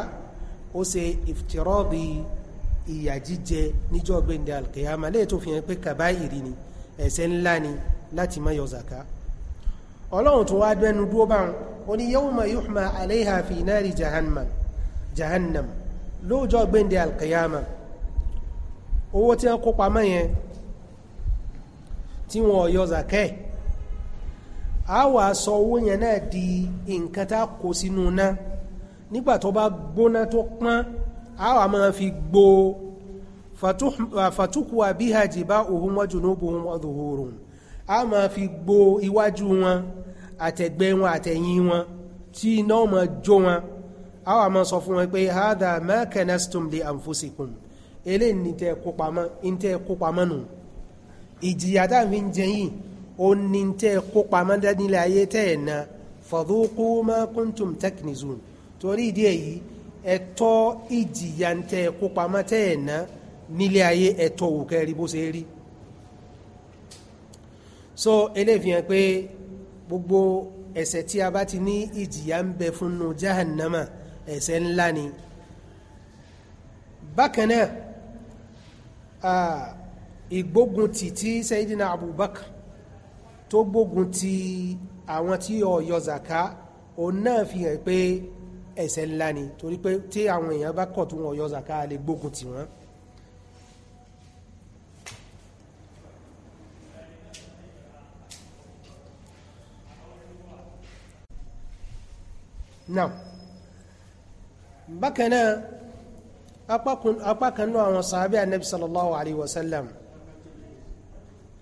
ó ṣe ìfìtìrọ́bì ìyà jíjẹ níjọ́ gbẹ́ndẹ̀ alkiyama lè tó fihàn pé kàbáyìrì ni ẹ̀ṣẹ̀ ńlá ni láti má yọ zaka ọlọ́run tó wá dẹnu dúó bá ń ó ní yawma yuhma alayha fi nari jahannam jahannam lóòjọ́ gbẹ́ndẹ̀ alkiyama owó tí wọ́n kópa mọ́ yẹn tí wọ́n yọ zakẹ́ a wà sọ owó yẹn náà di nǹkan tá kó sínú náà nígbà tó bá gbóná tó pọ́n a wà máa fi gbo fàtúkùwà bí hajji bá òhun wọ́n jù lóbo wọn dòhòrùn a máa fi gbo iwájú wọn àtẹ̀gbẹ́ wọn àtẹ̀yìn wọn tí iná máa jó wọn a wà máa sọ fún wọn pé hádà ma kanastum li eléyìí ní tẹ́ kópamọ́ nù ìjìyà tá fi ń jẹ yìí ó ní tẹ́ kó pamọ́ nílẹ̀ ayé tẹ́ ẹ̀ na fadhuqu ma kuntum taknizun torí ìdí èyí ẹ̀tọ́ ìjìyà tẹ́ kó pamọ́ tẹ́ ẹ̀ na nílẹ̀ ayé ẹ̀tọ́ òkè rí bó ṣe rí so eléyìí fi hàn pé gbogbo ẹ̀ṣẹ̀ tí a bá ti ní ìjìyà ń bẹ fún nu jahannama ẹ̀ṣẹ̀ ńlá ni bákan náà ìgbógun ti tí Sayyidina Abubakar tó gbógun ti àwọn tí ọ̀yọ zaka òun náà fi hàn pé ẹ̀ṣẹ̀ ńlá ni torí pé tí àwọn èèyàn bá kọ̀ tó wọn ọ̀yọ zaka lè gbógun ti wọn now bákan náà apá kan náà àwọn sàábẹ́ ànábì sallallahu alayhi wa sallam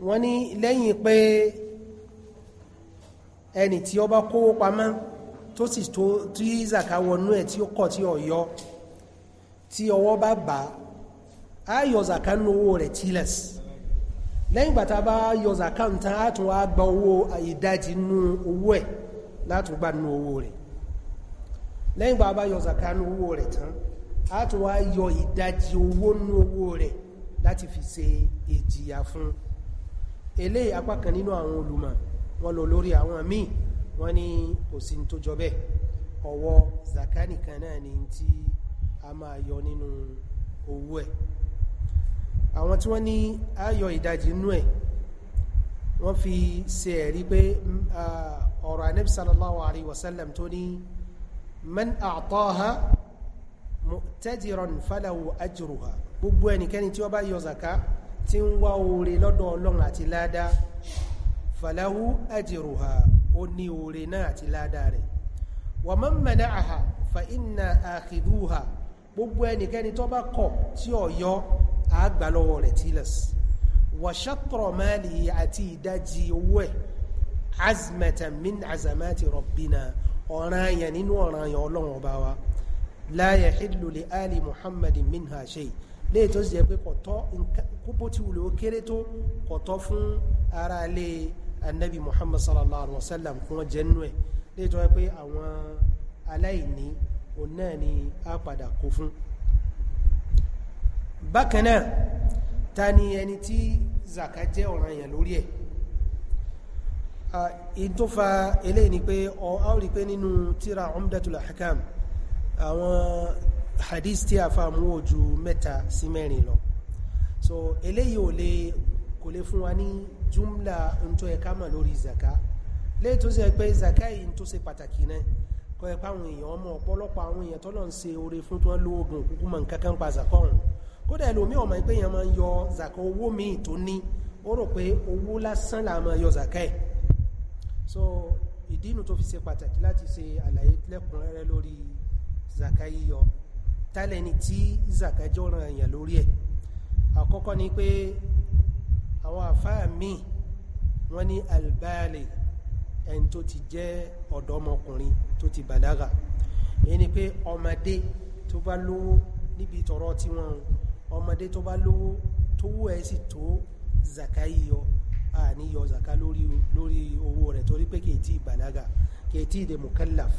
wọ́n ní lẹ́yìn pé ẹni tí ó bá kówó pamọ́ tó sì tó tí zaka wọnú ẹ̀ tí ó kọ̀ tí ó tí ọwọ́ bá bà á yọ zaka nú owó rẹ̀ tílẹ̀s lẹ́yìn ìgbà tá bá yọ zaka ń tán á tún wá gba owó ìdajì nú owó ẹ̀ látùgbà nú owó rẹ̀ lẹ́yìn ìgbà bá yọ zaka nú owó rẹ̀ tán á tún wá yọ ìdajì owó nú owó rẹ̀ láti fi ṣe ìjìyà fún un eléyìí apá kan nínú àwọn olùmọ̀ wọn lò lórí àwọn míì wọ́n ní kò sí tó jọ bẹ́ẹ̀ ọwọ́ zaka nìkan náà ni tí a máa yọ nínú owó ẹ̀ àwọn tí wọ́n ní ayọ̀ ìdajì inú ẹ̀ wọ́n fi ṣe ẹ̀rí pé ọ̀rọ̀ anẹ́bí sallallahu tó ní man a'taha mu'tadiran falahu ajruha gbogbo ẹnikẹ́ni tí ó bá yọ zaka tí ń wá oore lọ́dọ̀ ọlọ́run àti ládá fàláwú àjèròhà ó ní oore náà àti ládá rẹ̀ wà mọ́ mẹ́lá àhà fa iná àkìdúhà gbogbo ẹnikẹ́ni tó bá kọ̀ tí ọ̀yọ́ àgbàlọ́wọ́ rẹ̀ tílẹ̀s wà ṣàtọ̀rọ̀ máàlì àti ìdajì owó ẹ̀ azmẹ̀tà min azamati rọ̀bìnà ọ̀ràn àyàn nínú ọ̀ràn àyàn ọlọ́run ọba wa láyẹ̀ hìlù lè muhammadin minha shay' léyìí tó sì jẹ́ pé kọ̀tọ́ kúbó tí wùlò kéré tó kọ̀tọ́ fún ara lé anabi muhammad sallallahu alaihi wa sallam kí wọ́n jẹ́ nú ẹ̀ léyìí tó yẹ pé àwọn aláìní òun náà ni a padà kó fún bákan ta ni ẹni tí zaka jẹ́ ọ̀ràn èèyàn lórí ẹ̀ in tó fa eléyìí ni pé ọ̀ áwòrí pé nínú tíra umdatul ahkam àwọn hadith tí a fa mú ojú mẹ́ta sí mẹ́rin so eléyìí ò lè kò lè fún wa ní jumla ń e ẹ̀ká mà lórí zaka léè tó ṣe pé zaka yìí tó ṣe pàtàkì náà kọ́ ẹ̀pá àwọn èèyàn ọmọ ọ̀pọ̀lọpọ̀ àwọn èèyàn tọ́lọ̀ ń ṣe oore fún tó ń lo oògùn kúkú mọ̀ nǹkan kan pa zaka ọ̀hún kódà ẹlòmí ọmọ pé èèyàn máa ń yọ zaka owó míì tó ní ó rò pé owó lásán là máa yọ zaka ẹ̀ so ìdí inú tó fi ṣe pàtàkì láti ṣe àlàyé lẹ́kùnrẹ́rẹ́ lórí zaka yíyọ tálẹ̀ ni tí zakajọ́ ran èèyàn lórí ẹ̀ àkọ́kọ́ ni pé àwọn àfáà míì wọ́n ní albali ẹn tó ti jẹ́ ọ̀dọ́mọkùnrin tó ti bàlágà èyí ni pé ọmọdé tó bá lówó níbi tọrọ tí wọ́n ọmọdé tó bá lówó tó wó ẹ̀ sì tó zaka yíyọ a ní lórí owó rẹ̀ torí pé kèétí bàlágà kèétí ìdè mukallaf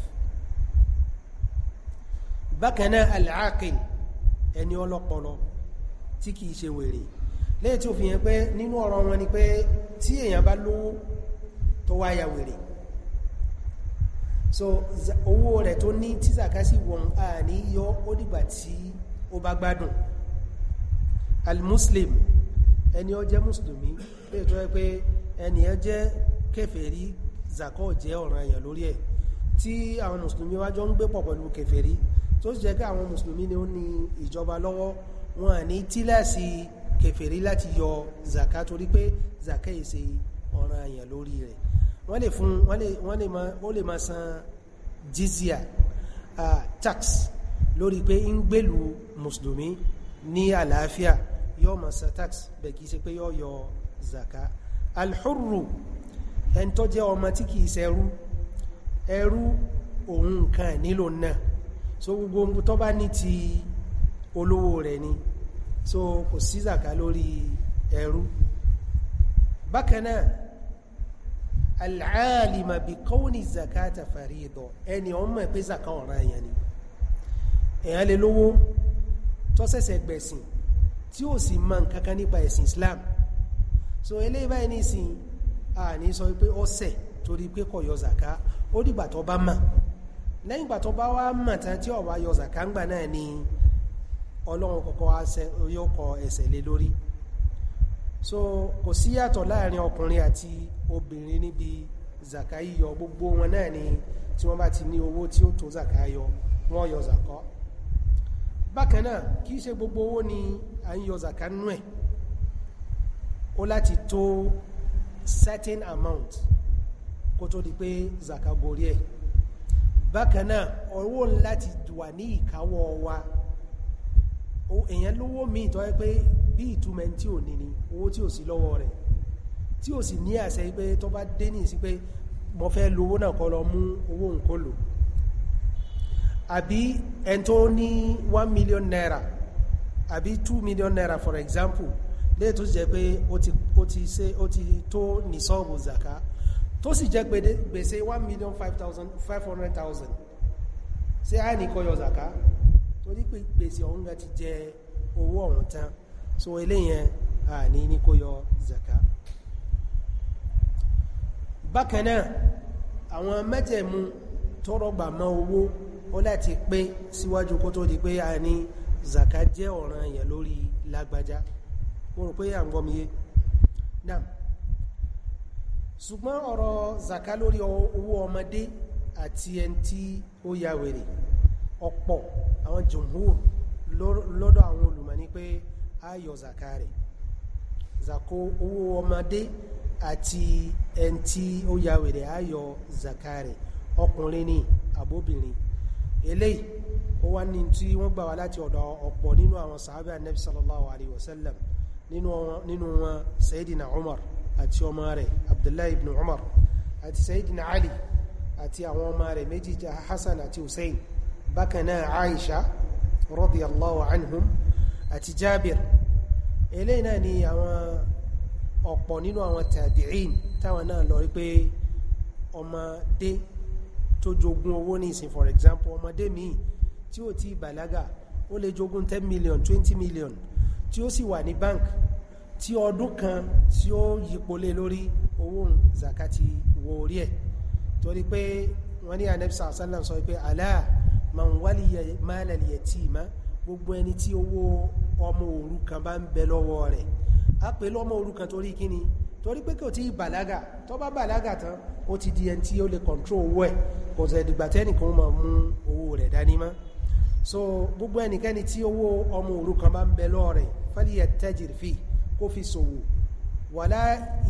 bákanáà al-aqil ẹni ọlọ́pọlọ tí kìí ṣe wèrè lẹ́yìn tí ó fi yẹn pé nínú ọ̀rọ̀ wọn ni pé tí èèyàn bá lówó tó wá ya wèrè so owó rẹ̀ tó ní tí zakasi wọn a ní yọ ó dìgbà tí ó bá gbádùn al-muslim ẹni ó jẹ́ mùsùlùmí lẹ́yìn tó yẹ pé ẹni ó jẹ́ kèfèrí zakọ́ jẹ́ ọ̀ranyàn lórí ẹ̀ tí àwọn mùsùlùmí wájọ́ ń gbé pọ̀ pẹ̀lú kèfèrí tó jẹ́ pé àwọn mùsùlùmí ni ó ní ìjọba lọ́wọ́ wọn à ní tílẹ̀sì kèfèrí láti yọ zaka torí pé zaka èsè ọ̀ràn àyàn lórí rẹ̀ wọ́n lè fún wọ́n lè máa ó lè máa san jizya uh, tax lórí pé ń gbèlú mùsùlùmí ní àlàáfíà yọ máa san tax bẹ̀ kìí ṣe pé yọ yọ zaka alhurru ẹni tó jẹ́ ọmọ tí kìí ṣẹrú ẹrú òun nǹkan nílò náà so gbogbo tó bá ní ti olówó rẹ̀ ni so kò sí zaka lórí ẹrú bákanáà al'alima bi kọ́wọ́ni zakata farido ẹni ọmọ mọ̀ pé zaka ọ̀ràn yẹn ni èyàn lè lówó tó ṣẹ̀ṣẹ̀ gbẹ̀sìn tí ó sì mọ̀ nǹkankan nípa ẹ̀sìn Islam so eléyìí báyìí nísìn a ní sọ pé ó torí pé kò zaka ó dìgbà tó bá mọ̀ lẹ́yìn ìgbà tó bá wá mọ̀ tán tí ó bá yọ zakangba náà ni ọlọ́run kọ́kọ́ yóò kọ ẹsẹ̀ lé lórí so kò sí yàtọ̀ láàrin ọkùnrin àti obìnrin níbi zaka yíyọ gbogbo wọn náà ni tí wọ́n bá ti ní owó tí ó tó zaka yọ wọ́n yọ zakọ́ bákan náà kì í ṣe gbogbo owó ni a ń yọ zaka ẹ̀ ó láti tó certain amount kó tó di pé zaka gorí ẹ̀ bákanáà owó láti wà ní ìkáwọ́ wa èèyàn lówó míì tó yẹ pé bí ìtumẹ̀ tí ò ní ni owó tí ò sí lọ́wọ́ rẹ̀ tí ò sì ní àṣẹ pé tó bá dé ní sí pé mo fẹ́ lówó náà kọ́ lọ mú owó nǹkan lò àbí ẹn tó ní 1 million naira àbí 2 million naira for example lè tó jẹ́ pé ó ti ṣe ó ti tó ní sọ́ọ̀bù zaka tó sì jẹ́ gbèsè 1 million 500,000 ṣé a ní kó yọ zaka torí pé gbèsè ọ̀hún rẹ̀ ti jẹ owó ọ̀hún tán so eléyẹn a ní ní kó yọ zaka bákan náà àwọn mẹ́jẹ̀mú tọ́rọgbà mọ́ owó ó láti pé síwájú kó tó di pé a zaka jẹ́ ọ̀ranyàn lórí lágbájá mo rò pé à náà ṣùgbọ́n ọ̀rọ̀ zaka lórí owó ọmọdé àti ẹni tí ó ya wèrè ọ̀pọ̀ àwọn jùmhur lọ́dọ̀ àwọn olùmọ̀ ní pé a zaka rẹ̀ zako owó ọmọdé àti ẹni tí ó ya wèrè a zaka rẹ̀ ọkùnrin ni àbóbìnrin eléyìí ó wá ní tí wọ́n gbà wá láti ọ̀dọ̀ ọ̀pọ̀ nínú àwọn sàábẹ́ Ànábì sallallahu alaihi wasallam nínú wọn Sayyidina Umar àti ọmọ rẹ̀ abdullahi ibn umar àti sayidina ali àti àwọn ọmọ rẹ̀ méjì hassan àti hussein bákanáà aisha radiyallahu anhum àti jabir eléyìí náà ni àwọn ọ̀pọ̀ nínú àwọn tàbíìn táwọn náà lọ rí pé ọmọdé tó jogún owó ní ìsìn for example ọmọdé míì tí ó ti bàlágà ó lè jogún 10 million 20 million tí ó sì wà ní bank tí ọdún kan tí ó yípo lé lórí owó zakati wọ orí ẹ̀ torí pé wọ́n ní anẹ́bísà sálàm sọ pé aláà man waliya malal yatima gbogbo ẹni tí owó ọmọ òrukàn bá ń bẹ lọ́wọ́ rẹ̀ a pè lọ́mọ òrukàn torí kíni torí pé kò tí ì bàlágà tó bá bàlágà tán ó ti di ẹni tí ó lè control owó ẹ̀ kò sẹ̀ dìgbà tẹ́nìkan máa mú owó rẹ̀ dání mọ́ so gbogbo ẹnikẹ́ni tí owó ọmọ òrukàn bá ń bẹ lọ́wọ́ rẹ̀ fali yatajir kó fi ṣòwò wàlá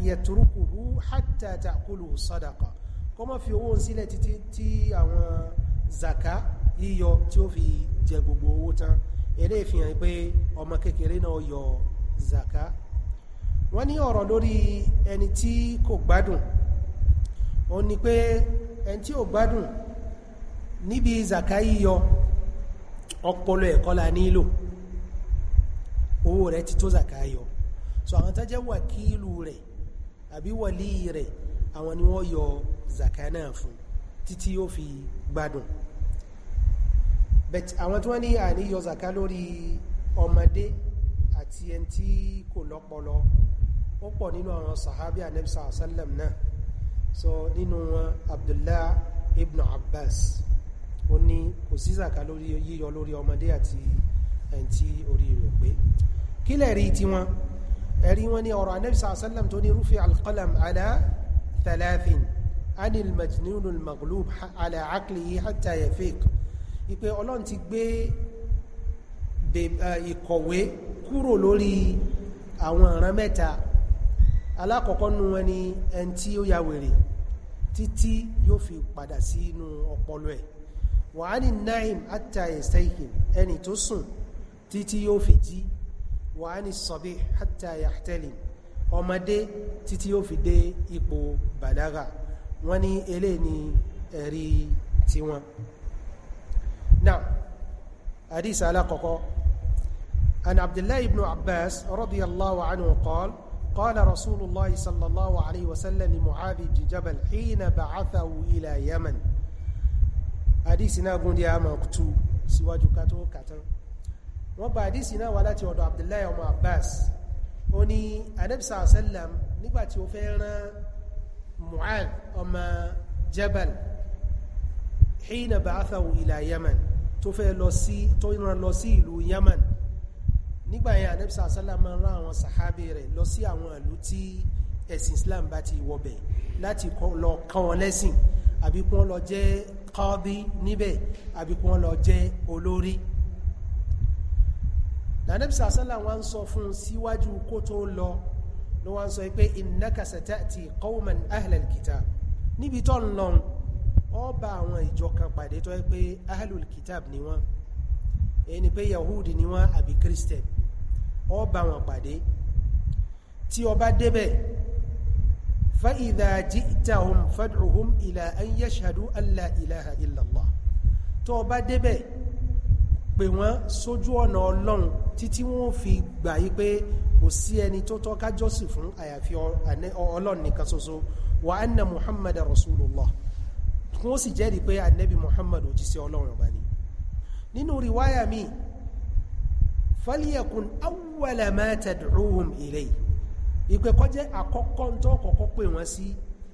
yẹtùrúkùhù hátà tàkùlù sàdákà kó má fi owó sílẹ̀ títí tí àwọn zaka yíyọ tí ó fi jẹ gbogbo owó tán eléyìí fi hàn pé ọmọ kékeré náà yọ zaka wọ́n ní ọ̀rọ̀ lórí ẹni tí kò gbádùn ó ní pé ẹni tí ò gbádùn níbi zaka yíyọ ọpọlọ ẹ̀kọ́ la nílò owó rẹ̀ ti tó zaka yọ so àwọn tó jẹ́ wàkílù rẹ̀ àbí wàlí rẹ̀ àwọn ni wọ́n yọ zaka náà fún títí yóò fi gbádùn but àwọn tí wọ́n ní àní yọ zaka lórí ọmọdé àti ẹni tí kò lọ́pọlọ ó pọ̀ nínú àwọn sahabi anabisa asalam náà so nínú wọn abdullah ibn abbas ó ní kò sí zaka lórí yíyọ lórí ọmọdé àti ẹni tí orí rẹ̀ pé kílẹ̀ rí tiwọn ẹ̀rí wọn ni ọ̀rọ̀ anabi sàásálàm tó ní rúfin alqalam ala thalathin anil majnunul maghlub ala aqlihi hatta yafiq ipe ọlọ́run ti gbé e, ìkọ̀wé kúrò lórí àwọn ọ̀ràn mẹ́ta alákọ̀ọ́kọ́ nu wọn ni ẹni tí ó ya wèrè títí yóò fi padà sí inú ọpọlọ ẹ̀ wàá ní naim hatta yastayqin ẹni tó sùn títí yóò fi jí wà á ní sọ̀bí hátà yàtẹ́lì ọmọdé títí ó fi dé ipò bàlágà wọ́n ní elé ní ẹ̀rí tiwọn now hadith alákọ̀ọ́kọ́ an abdullahi ibn abbas radiyallahu anhu qala قال رسول الله صلى الله عليه وسلم لمعاذ بن جبل حين بعثه إلى يمن حديثنا قد يا مكتوب سواجك تو كتن wọ́n bá àdísì náà wá láti ọ̀dọ̀ Abdullahi ọmọ Abbas ó ní anẹ́bìsà àṣẹ́lẹ̀m nígbàtí ó fẹ́ rán Mu'adh ọmọ Jabal hìnà ba'athahu ila Yaman tó fẹ́ lọ sí tó rán lọ sí ìlú Yaman nígbàyẹn anẹ́bìsà àṣẹ́lẹ̀m rán àwọn sàhábì rẹ̀ lọ sí àwọn ìlú tí ẹ̀sìn Islam bá ti wọbẹ̀ láti lọ kọ́ wọn lẹ́sìn àbí lọ jẹ́ qadi nàníbi sàásánlá wọ́n sọ fún síwájú kó tó lọ ló wọ́n sọ pé innaka sata'ti qawman ahlal kitab níbi tó ń lọ ó bá àwọn ìjọ kan pàdé tó yẹ pé ahlul kitab ni wọ́n èyí pé yahudi ni wọ́n àbí christian ó bá wọn pàdé tí ó bá débẹ̀ فإذا جئتهم فادعهم إلى أن يشهدوا أن لا إله إلا الله توبة دبي pè wọ́n sójú ọ̀nà ọlọ́run títí wọ́n fi gbà yí pé kò sí ẹni tó tọ́ ká jọ́sìn fún àyàfi ọlọ́run nìkan ṣoṣo wa anna muhammad rasulullah wọ́n sì jẹ́rìí pé annabi muhammad òjíṣẹ́ ọlọ́run ọba ni nínú riwaya mi falyakun awwala ma tad'uhum ilay ìpè kó jẹ́ àkọ́kọ́ tó kọ́kọ́ pè wọ́n sí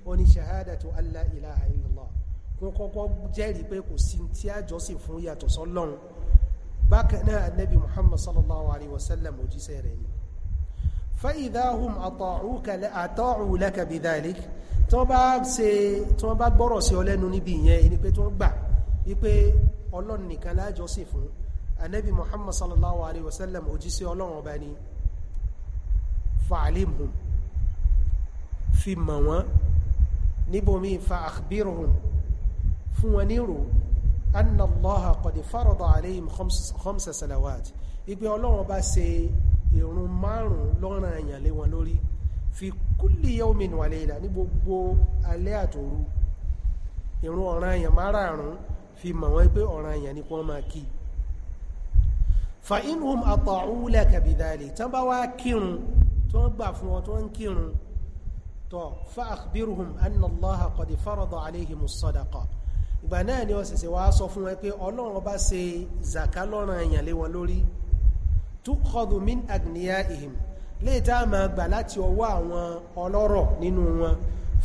oní shahadatu alla ilaha illallah kún kọ́kọ́ jẹ́rìí pé kò sí tí a jọ́sìn fún yàtọ̀ sọ́lọ́run bákan náà nabi muhammad sallallahu alaihi wasallam òjíṣẹ́ rẹ̀ ni فإذا هم أطاعوك لأطاعوا لك بذلك tó bá ṣe tó bá gbọ́rọ̀ sí ọ lẹ́nu níbi ìyẹn ni pé tó gbà wípé ọlọ́run nìkan la jọ́sìn fún anábi muhammad sallallahu alaihi wasallam òjíṣẹ́ ọlọ́run ọba ni fa'alimhum fi mọ̀ wọ́n níbòmí fa akhbirhum fún wọn nírò anna allaha qad farada alayhim khamsa salawat ìgbé ọlọ́run bá ṣe ìrun márùn lọ́rùn àyàn lé wọn lórí fi kulli yawmin wa layla ní gbogbo alẹ́ àtòru ìrun ọ̀ràn àyàn márààrún fi mọ̀ wọ́n pé ọ̀ràn àyàn ní kí wọ́n máa kí fa inhum ata'u laka bidhalik tán bá wá kírun tó ń gbà fún wọn tó ń kírun tó fa akhbirhum anna allaha qad farada alayhimus sadaqa ìgbà náà ni ọ̀sẹ̀sẹ̀ wá sọ fún wọn pé ọlọ́run bá ṣe zaka lọ́ràn èèyàn lé wọn lórí tukhadhu min agniyaihim léètà máa gbà láti ọwọ́ àwọn ọlọ́rọ̀ nínú wọn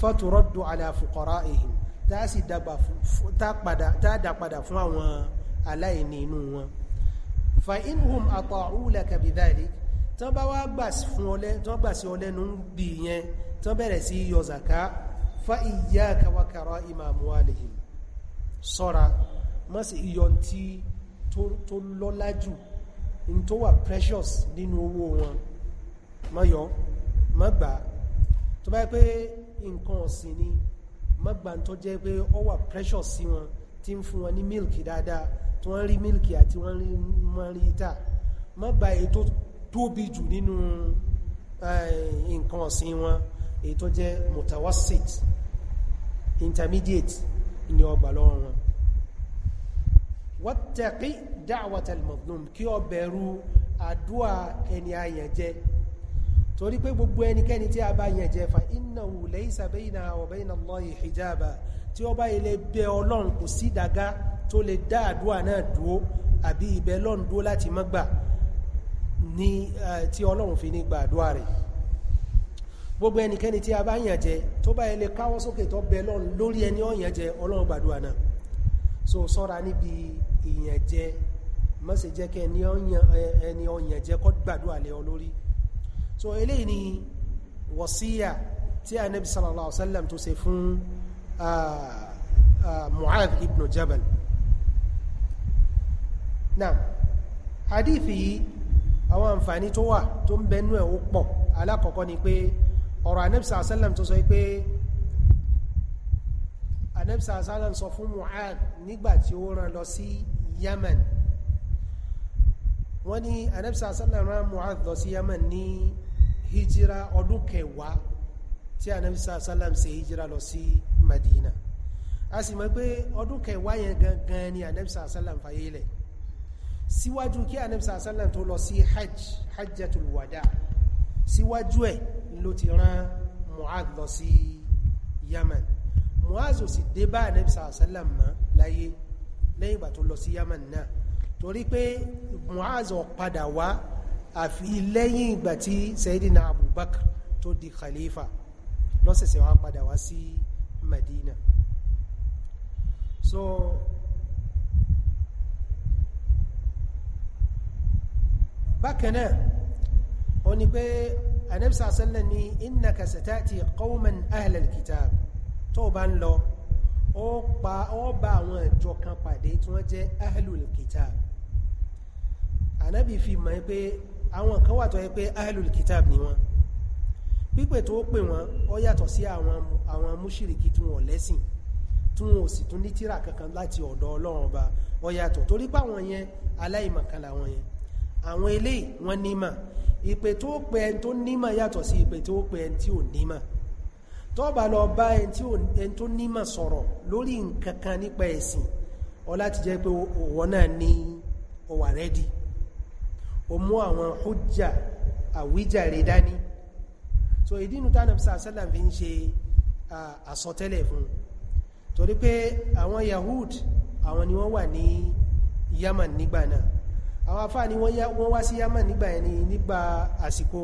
faturaddu ala fuqaraihim tá sì dá padà fún àwọn aláìní inú wọn fa inhum ata'u laka bidhalik bá wá gbà sí ọlẹ́nu bí yẹn tán bẹ̀rẹ̀ sí yọ zaka fa iyyaka wa kara'ima amwalihim sọ́ra má ṣe iyọ tí tó lọ́lá jù ní tó wà precious nínú owó wọn má yọ má gbà tó bá yẹ pé nǹkan ọ̀sìn ni má gbà tó jẹ́ pé ó wà precious sí wọn tí ń fún wọn ní mílkì dáadáa tí wọ́n rí mílkì àti wọ́n rí mọ́rí ìta má gbà èyí tó tóbi jù nínú eh, nǹkan ọ̀sìn wọn èyí tó jẹ́ mutawassit intermediate ni ọgbà lọ́wọ́ wọn wattaqi da'watal mazlum kí o bẹ̀rù àdúà ẹni ayẹ̀jẹ́ torí pé gbogbo ẹnikẹ́ni tí a bá yẹ̀jẹ́ fa innahu laysa baynaha wa bayna Allahi hijaba tí ó bá ilé bẹ ọlọ́run kò sí dàgá tó lè dá àdúà náà dúó àbí ibẹ̀ lọ́n dúó láti mọ́gbà ní eh, tí ọlọ́run fi ní gbà àdúà rẹ̀ gbogbo ẹnikẹ́ni tí a bá yàn jẹ tó bá ẹlẹ káwọ́ sókè tó bẹ lọ́n lórí ẹni ọ̀yàn jẹ ọlọ́run gbàdúrà náà so sọ́ra níbi ìyàn jẹ má ṣe jẹ́ kẹ́ ẹni ọ̀yàn jẹ kó gbàdúrà lé ọ so eléyìí ni wọ̀síyà tí anabi sallallahu alaihi wasallam tó ṣe mu'adh ibn jabal náà hadithi yìí àwọn àǹfààní tó wà tó ń alákọ̀ọ́kọ́ ni pé ọ̀rọ̀ anẹ́bìsà asẹ́lẹ̀m tó sọ pé anẹ́bìsà asẹ́lẹ̀m sọ fún Mu'ad nígbàtí ó rán lọ sí Yemen wọ́n ní anẹ́bìsà asẹ́lẹ̀m rán Mu'ad lọ sí Yemen ní hijira ọdún kẹwàá tí anẹ́bìsà asẹ́lẹ̀m ṣe hijira lọ sí Madina a sì mọ̀ pé ọdún kẹwàá yẹn gangan ni anẹ́bìsà asẹ́lẹ̀m fayélẹ̀ síwájú kí anẹ́bìsà asẹ́lẹ̀m tó lọ sí hajj hajjatul síwájú ẹ̀ ló ti rán Mu'adh lọ sí Yaman Mu'adh sì dé bá Ànábì sàásẹ́lẹ̀ mọ́ láyé lẹ́yìn ìgbà tó lọ sí Yaman náà torí pé Mu'adh padà wá àfi lẹ́yìn ìgbà tí Sayyidina Abubakar tó di khalifa lọ́sẹ̀sẹ̀ wá padà wá sí Madina so bákan náà ó pé anabi sàásẹ́lẹ̀ ní innaka satati qawman ahlal kitab tó bá ń lọ ó pa ó bá àwọn ìjọ kan pàdé tí wọ́n jẹ́ ahlul kitab anabi fi mọ̀ pé àwọn kan wà tó yẹ pé ahlul kitab ni wọ́n pípè tó pè wọ́n ó yàtọ̀ sí àwọn àwọn múṣìrìkì tí wọ́n lẹ́sìn tí wọ́n ò sì tún ní tírà kankan láti ọ̀dọ̀ ọlọ́run ọba ó yàtọ̀ torí pé àwọn yẹn aláìmọ̀kan làwọn yẹn àwọn eléyìí wọ́n nímà ìpè tó pẹ ẹn tó nímà yàtọ̀ sí ìpè tó pẹ ẹn tí ò nímà tó bá lọ bá ẹn tó nímà sọ̀rọ̀ lórí nkankan nípa ẹ̀sìn ọ láti jẹ́ pé òwọ́ náà ní ó wà rẹ́dì ó mú àwọn hujja àwíjàre dání so ìdínú tánàbí sàásẹ́là fi ń ṣe àsọtẹ́lẹ̀ fún torí pé àwọn Yahud àwọn ni wọ́n wà ní Yaman nígbà náà àwọn afá ni wọ́n wá sí Yaman nígbà ẹni nígbà àsìkò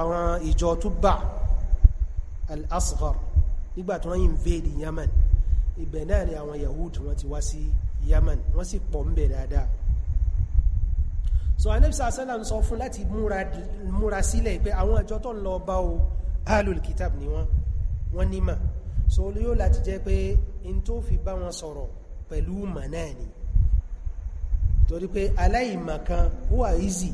àwọn ìjọ Tubba al-Asghar nígbà tí wọ́n invade Yaman ibẹ̀ náà ni àwọn Yahud wọ́n ti wá sí Yaman wọ́n sì pọ̀ ń bẹ̀ dáadáa so anẹ́bisa asẹ́làm sọ fún láti múra sílẹ̀ pé àwọn àjọ tó lọ bá o ahlul kitab ni wọ́n wọ́n nímà so olóyò láti jẹ́ pé in tó fi bá wọn sọ̀rọ̀ pẹ̀lú mọ̀ náà ni torí pé aláìmọ̀kan wà easy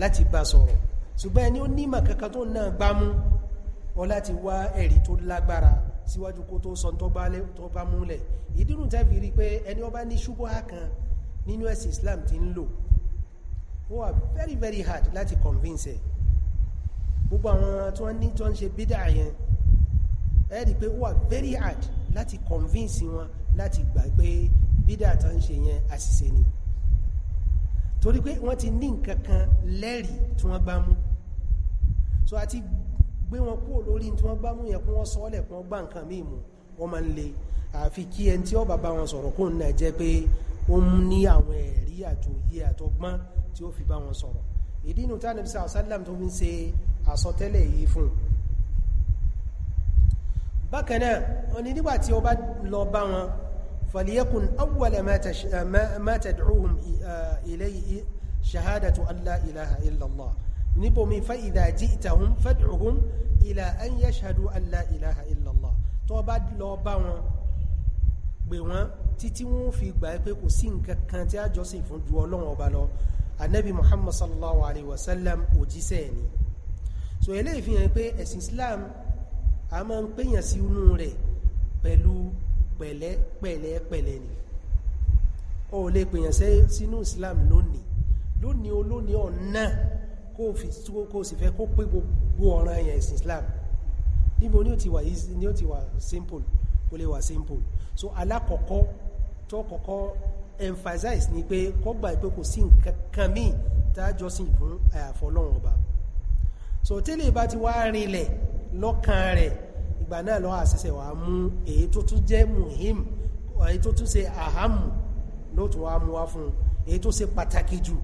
láti bá sọ̀rọ̀ ṣùgbọ́n ẹni ó ní mọ̀kankan tó náà gbámú ọ láti wá ẹ̀rí tó lágbára síwájú kó tó sọ tó bá múlẹ̀ ìdínú tẹ́ fi rí pé ẹni ó ní ṣubúhà kan nínú ẹ̀sìn Islam ti ń lò ó wà very very hard láti convince ẹ̀ gbogbo àwọn tó ń ní ẹ rí pé ó wà very hard láti convince wọn láti gbà pé bídà tó ṣe yẹn àṣìṣe ni torí pé wọ́n ti ní nǹkan kan tí wọ́n gbá mú so àti gbé wọn kúrò lórí tí wọ́n gbá mú yẹn kún wọ́n sọ́ọ́lẹ̀ kún wọ́n gbá nǹkan míì mú wọ́n máa ń le àfi kí ẹni tí ó bàbá wọn sọ̀rọ̀ kó náà jẹ́ pé ó ń ní àwọn ẹ̀rí àtòyé àtọgbọ́n tí ó fi bá wọn sọ̀rọ̀ ìdí inú tánàbí sàá sálàm tó fi ń ṣe àsọtẹ́lẹ̀ yìí fún bákan náà wọn ni nígbà tí ó bá lọ bá wọn فليكن أول ما, تش... ما... ما تدعوهم إليه شهادة أن لا إله إلا الله نبومي فإذا جئتهم فادعهم إلى أن يشهدوا أن لا إله إلا الله tó bá lọ bá wọn pè wọ́n títí wọ́n fi gbà pé kò sí nǹkan kan tí a jọ́sìn fún ju Ọlọ́run ọba lọ Ànábì Muhammad sallallahu alaihi wasallam òjíṣẹ́ ni so eléyìí fi hàn pé ẹ̀sìn Islam a máa ń pèyàn sí inú rẹ̀ pẹ̀lú pẹ̀lẹ́ pẹ̀lẹ́ pẹ̀lẹ́ ni o lè pèyàn sínú Islam lónìí lónìí olónìí ọ̀nà kó fi kó sì fẹ́ kó pé gbogbo ọ̀ràn ẹ̀yàn ẹ̀sìn Islam níbo ni ó ti wà ni ó ti wà simple kó lè wà simple so alákọ̀ọ́kọ́ tó kọ́kọ́ emphasize ni pé kọ́ gbà pé kò sí nǹkan kan míì tájọ́sìn fún àyàfọ́ Ọlọ́run ọba so tẹ́lẹ̀ bá ti wá rinlẹ̀ lọ́kàn rẹ̀ ìgbà náà lọ́wọ́ àṣẹṣẹ̀ wà mú èyí tó tún jẹ́ muhim èyí tó tún ṣe àhámù ló tún wá mú wá fún èyí tó ṣe pàtàkì jù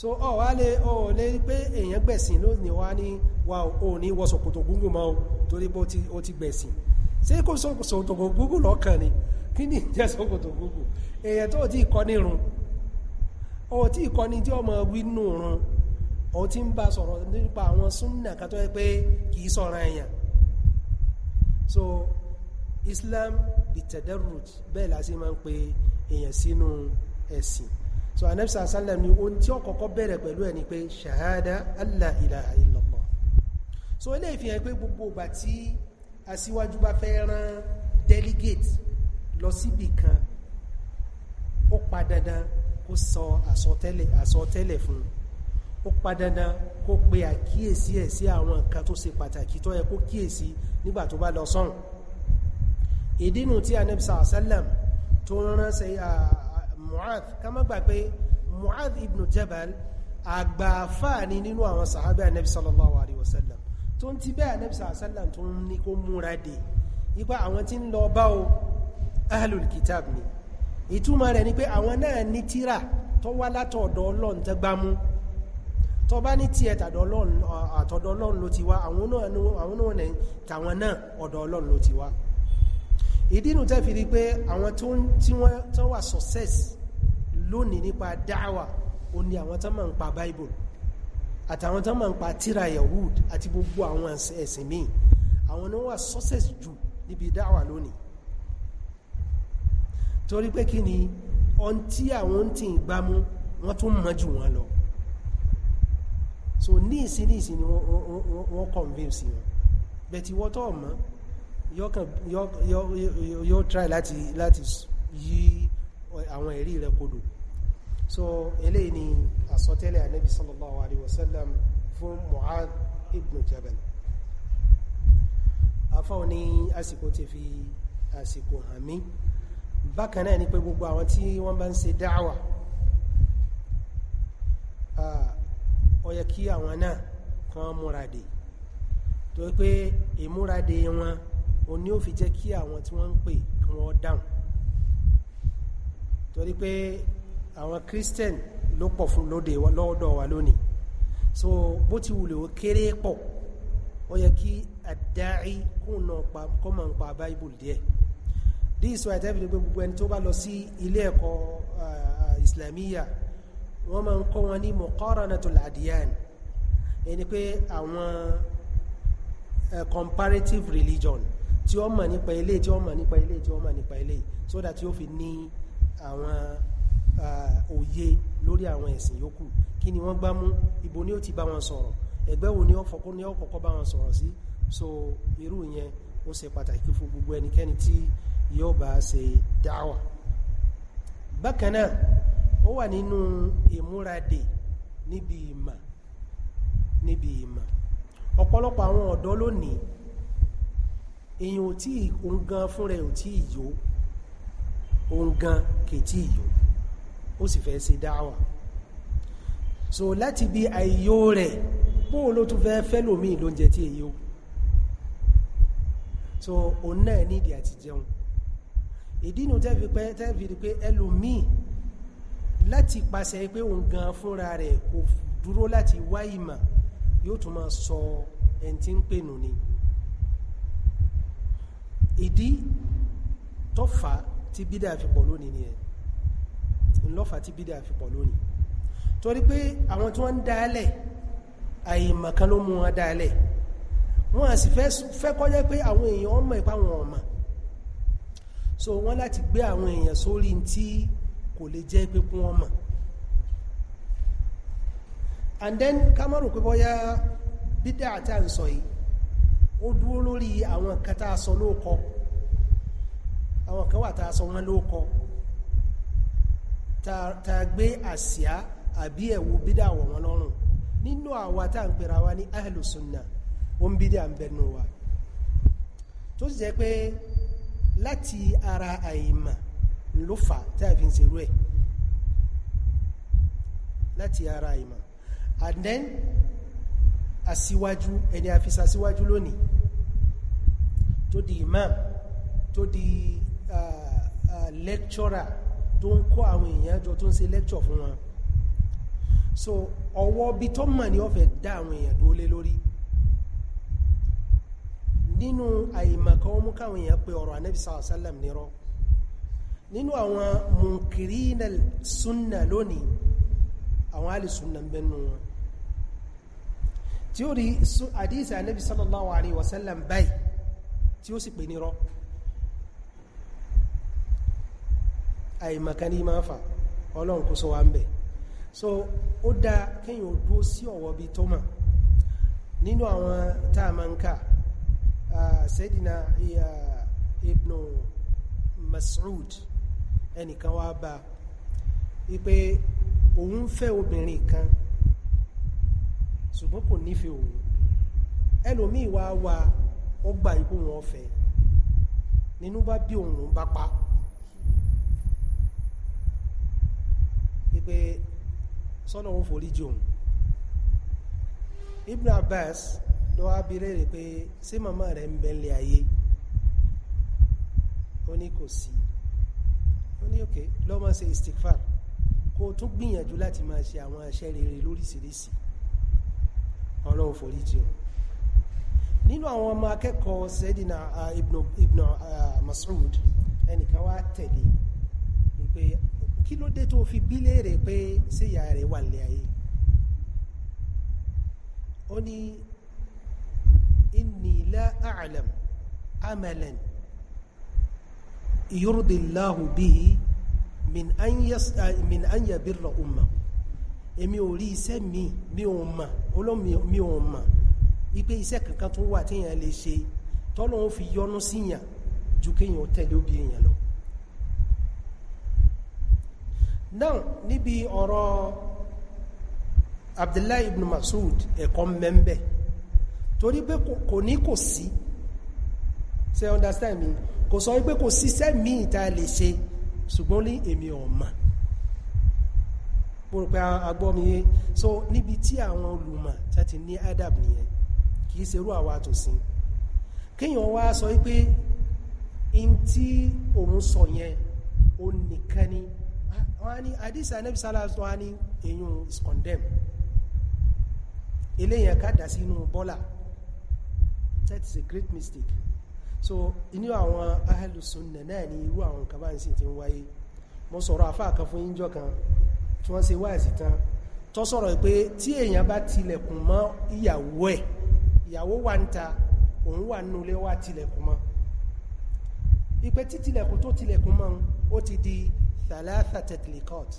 so ọ wá lè ọ lè pé èèyàn gbẹ̀sìn ló ní wá ní wà ó ní wọ gúngùn mọ́ torí bó ti gbẹ̀sìn ṣé kò ṣòkòtò gúngùn lọ́kàn ni kí ni ìjẹ́ ṣòkòtò gúngùn èèyàn tó ti kọ́ nírun ó ti kọ́ ní tí ọmọ wí run ó ti ń bá sọ̀rọ̀ nípa àwọn súnnà kan tó yẹ pé kìí sọ̀rọ̀ èèyàn so Islam bitadarruj bẹ́ẹ̀ lásì máa ń pe èèyàn sínú ẹ̀sìn so anẹ́bisa sallam ni ohun tí ó kọ́kọ́ bẹ̀rẹ̀ pẹ̀lú ẹ̀ ni pé ṣahada allah ilaha illallah so ilé ìfihàn pé gbogbo ìgbà tí aṣíwájú delegate lọ síbì kan ó pa dandan kó sọ àsọtẹ́lẹ̀ fún un ó pa dandan kó pe àkíyèsí ẹ̀ sí àwọn nǹkan tó ṣe pàtàkì tó yẹ kó kíyèsí nígbà tó bá lọ sọ́run ìdínú tí Ànábì sallam tó ránṣẹ́ Mu'adh ká má gbà pé Mu'adh ibn Jabal àgbàfà ni nínú àwọn sàhábẹ́ Ànábì sallallahu alaihi wasallam tó ń ti bẹ́ sallam tó ń ní kó múra dé ipa o ahlul kitab ni ìtumọ̀ rẹ̀ ni pé àwọn náà ní tírà tó wá látọ̀dọ̀ tó bá ní tí ẹ̀tà àtọ̀dọ̀ ọlọ́run ló ti wá àwọn náà ní tàwọn náà ọ̀dọ̀ ọlọ́run ló ti wá ìdínú tẹ́ fi rí pé àwọn tí wọ́n tó wà success lónìí nípa dáwà ó ní àwọn tó máa ń pa Bible àtàwọn tó máa ń pa tíra Yahud àti gbogbo àwọn ẹ̀sìn míì àwọn náà wà success jù níbi dáwà lónìí torí pé kí ni ohun tí àwọn ń tì í gbámú wọ́n tún mọ̀ jù wọn lọ so ní ìsìn ní ìsìn ni wọ́n convince you. But wọ́n tọ́ ọ̀mọ́ yóò try láti láti yí àwọn ẹ̀rí rẹ̀ kodò so eléyìí ni àsọtẹ́lẹ̀ ànábì sallallahu alaihi wasallam fún Mu'adh ibn Jabal afọ́ ní àsìkò ti fi àsìkò hàn mí bákan náà ni pé gbogbo àwọn tí wọ́n bá ń ṣe dáwà ah, ó yẹ kí àwọn náà kan múradè tó pé ìmúradè wọn o ní ó fi jẹ́ kí àwọn tí wọ́n ń pè kí wọ́n dáhùn torí pé àwọn Christian ló pọ̀ fún lóde lọ́dọ̀ wa lónìí so bó ti wùlẹ̀ ó kéré pọ̀ ó yẹ kí àdáì kún náà kọ́ máa ń pa Bible díẹ̀ this is why tẹ́bìlì pé gbogbo ẹni tó bá lọ sí ilé ẹ̀kọ́ ah, ah, Islamiyah wọ́n máa ń kọ́ wọn ní muqaranatul adiyan ẹni pé àwọn comparative religion tí ó mọ̀ nípa ilé tí ó mọ̀ nípa ilé tí ó mọ̀ nípa ilé so that yóò fi ní àwọn òye lórí àwọn ẹ̀sìn yòókù kí ni wọ́n gbá mú ibo ó ti bá wọn sọ̀rọ̀ ẹgbẹ́ wo ni ó fọ́kún bá wọn sọ̀rọ̀ sí so irú yẹn ó ṣe pàtàkì fún gbogbo ẹnikẹ́ni tí yóò bá ṣe dáwà bákan ó wà nínú ìmúradè níbi ìmà níbi ìmà ọ̀pọ̀lọpọ̀ àwọn ọ̀dọ́ lónìí èyàn ò tí òun gan fún rẹ̀ ò tí ìyó òun gan kè tí ìyó ó sì fẹ́ ṣe dáwà so láti bí àìyó rẹ̀ bóò ló tún fẹ́ fẹ́ lòmí lóúnjẹ tí èyí so òun náà nídìí àti jẹun ìdí nu tẹ́ fi pé tẹ́ fi pé ẹlòmíì láti pàṣẹ pé òun gan fúnra rẹ̀ kò dúró láti wá ìmọ̀ yóò tún máa sọ ẹni tí ń pè nù ni ìdí tọ́fà tí bídà fi pọ̀ lónìí ni ẹ̀ ńlọ́fà tí bídà fi pọ̀ lónìí torí pé àwọn tí wọ́n ń dálẹ̀ àìmọ̀kan ló mú wọn dálẹ̀ wọ́n a sì fẹ́ kọjá pé àwọn èèyàn ọmọ ìpá ọmọ so wọ́n láti gbé àwọn èèyàn sórí tí kò lè jẹ́ pé kún ọmọ and then kamaru pé bọ́yá bídá àtà ń yìí ó dúró lórí àwọn kan tá a sọ lóòkọ àwọn kan wà tá a sọ wọn lóòkọ tá gbé àsíá àbí ẹ̀wù bídá wọ̀ wọn lọ́rùn nínú àwa tá à ń pèrà wa ní ó ń wa tó sì jẹ́ pé láti ara ló fà tí a fi ń ṣerú ẹ̀ láti ara ìmọ̀ and then asíwájú ẹni àfisà síwájú lónìí tó di imam tó di uh, uh, lecturer tó ń kọ́ àwọn èèyàn jọ tó ń ṣe lecture fún wọn so ọwọ́ bí tó mọ̀ ní ọ̀fẹ́ dá àwọn èèyàn tó lé lórí nínú àìmọ̀kan ó mú káwọn èèyàn pé ọ̀rọ̀ anẹ́bìsà ọ̀sálàm nínú àwọn munkirina súnnà lónìí àwọn alìsúnnà ń bẹnu wọn tí ó rí àdísà anábi sallallahu alaihi wasallam báyìí tí ó sì pè ní rọ́ àìmọ̀kaní máa fà ọlọ́run kó sọ ń bẹ̀ so ó dá kíyàn ó dúó sí ọ̀wọ́ bí tó mà nínú àwọn tá a ń kà ah, Sayyidina eh, ah, ibnu Mas'ud ẹnìkan wá bá wípé òun fẹ́ obìnrin kan ṣùgbọ́n kò nífẹ̀ẹ́ òun ẹlòmíì wá wá ó gba ipò wọn fẹ́ nínú bá bí òun ló ń bá pa wípé sọ́nà òun forí jì òun Ibn Abbas ló wá bi léèrè pé ṣé màmá rẹ̀ ń bẹ ayé ó ní kò sí wọ́n ní òkè lọ́ máa ṣe istikfar kó o tún gbìyànjú láti máa ṣe àwọn iṣẹ́ rere lóríṣiríṣi ọlọ́run foríjì o nínú àwọn ọmọ akẹ́kọ̀ọ́ sẹ́dínà ah, ibn ah, Mas'ud ẹnìkan wá tẹ̀lé pé kí ló dé tó fi bí léèrè pé síyà rẹ̀ wà lé ayé ó ní inni la a'lam yurdi Allahu bihi min an yas min an yabirra umma èmi ò rí iṣẹ́ mi mi ò mà Ọlọ́hun mi ò mà ipe iṣẹ́ kankan tún wà tí èyàn lè ṣe t'Ọlọ́hun fi yọ́nú síyàn ju kéyàn ó tẹ̀lé òbí èyàn lọ náà níbi ọ̀rọ̀ Abdullahi ibn Mas'ud ẹ̀kọ́ mẹ́mbẹ̀ torí pé kò ní kò sí ṣe understand me. kò sọ wípé kò síṣẹ́ míì tá a lè ṣe ṣùgbọ́n ní èmi ọ̀mà mo rò pé agbọ́mi yé so níbi tí àwọn olùmọ̀ tá ti ní adab nìyẹn kì í ṣerú àwa àtòsìn kéèyàn wá sọ wípé in tí òun sọ yẹn ó nìkan ni wọ́n á ní àdìsá nẹ́bí sálàsọ á ní èyàn is condemned eléyàn ká dà sí inú bọ́là that is a great mistake so inú àwọn ahẹ́lùsùn náà ní irú àwọn nǹkan báyìí sì ti ń wáyé mo sọ̀rọ̀ àfáà kan fún yíjọ́ kan tí wọ́n ṣe wáàsí tán tó sọ̀rọ̀ pé tí èèyàn bá tilẹ̀kùn mọ́ ìyàwó ẹ̀ ìyàwó wà ń ta òun wà nínú ilé wà tilẹ̀kùn mọ́ ipe tí tilẹ̀kùn tó tilẹ̀kùn mọ́ ó ti di thalatha tetlikot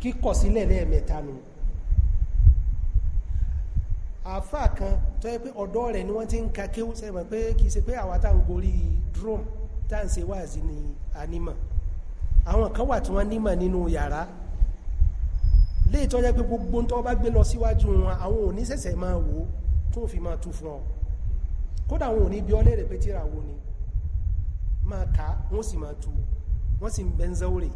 kíkọ̀ sílẹ̀ lẹ́ẹ̀mẹ́ta nù àfà kan tó yẹ pé ọ̀dọ́ rẹ̀ ni wọ́n ti ń ka kéwú sẹ́mọ̀ pé kìí ṣe pé àwa tá ń gorí drum tá ń ṣe wáàzí ni anímọ̀ àwọn kan wà tí wọ́n nímọ̀ nínú yàrá lè tó yẹ pé gbogbo tó bá gbé lọ síwájú wọn àwọn ò ní ṣẹ̀ṣẹ̀ máa wò tó fi máa tú fún ọ kódà àwọn ò bí ọlẹ́rẹ̀ pé tíra wo ni máa ka wọ́n sì máa tú wọ́n sì ń bẹ́ ń zẹ́wòrè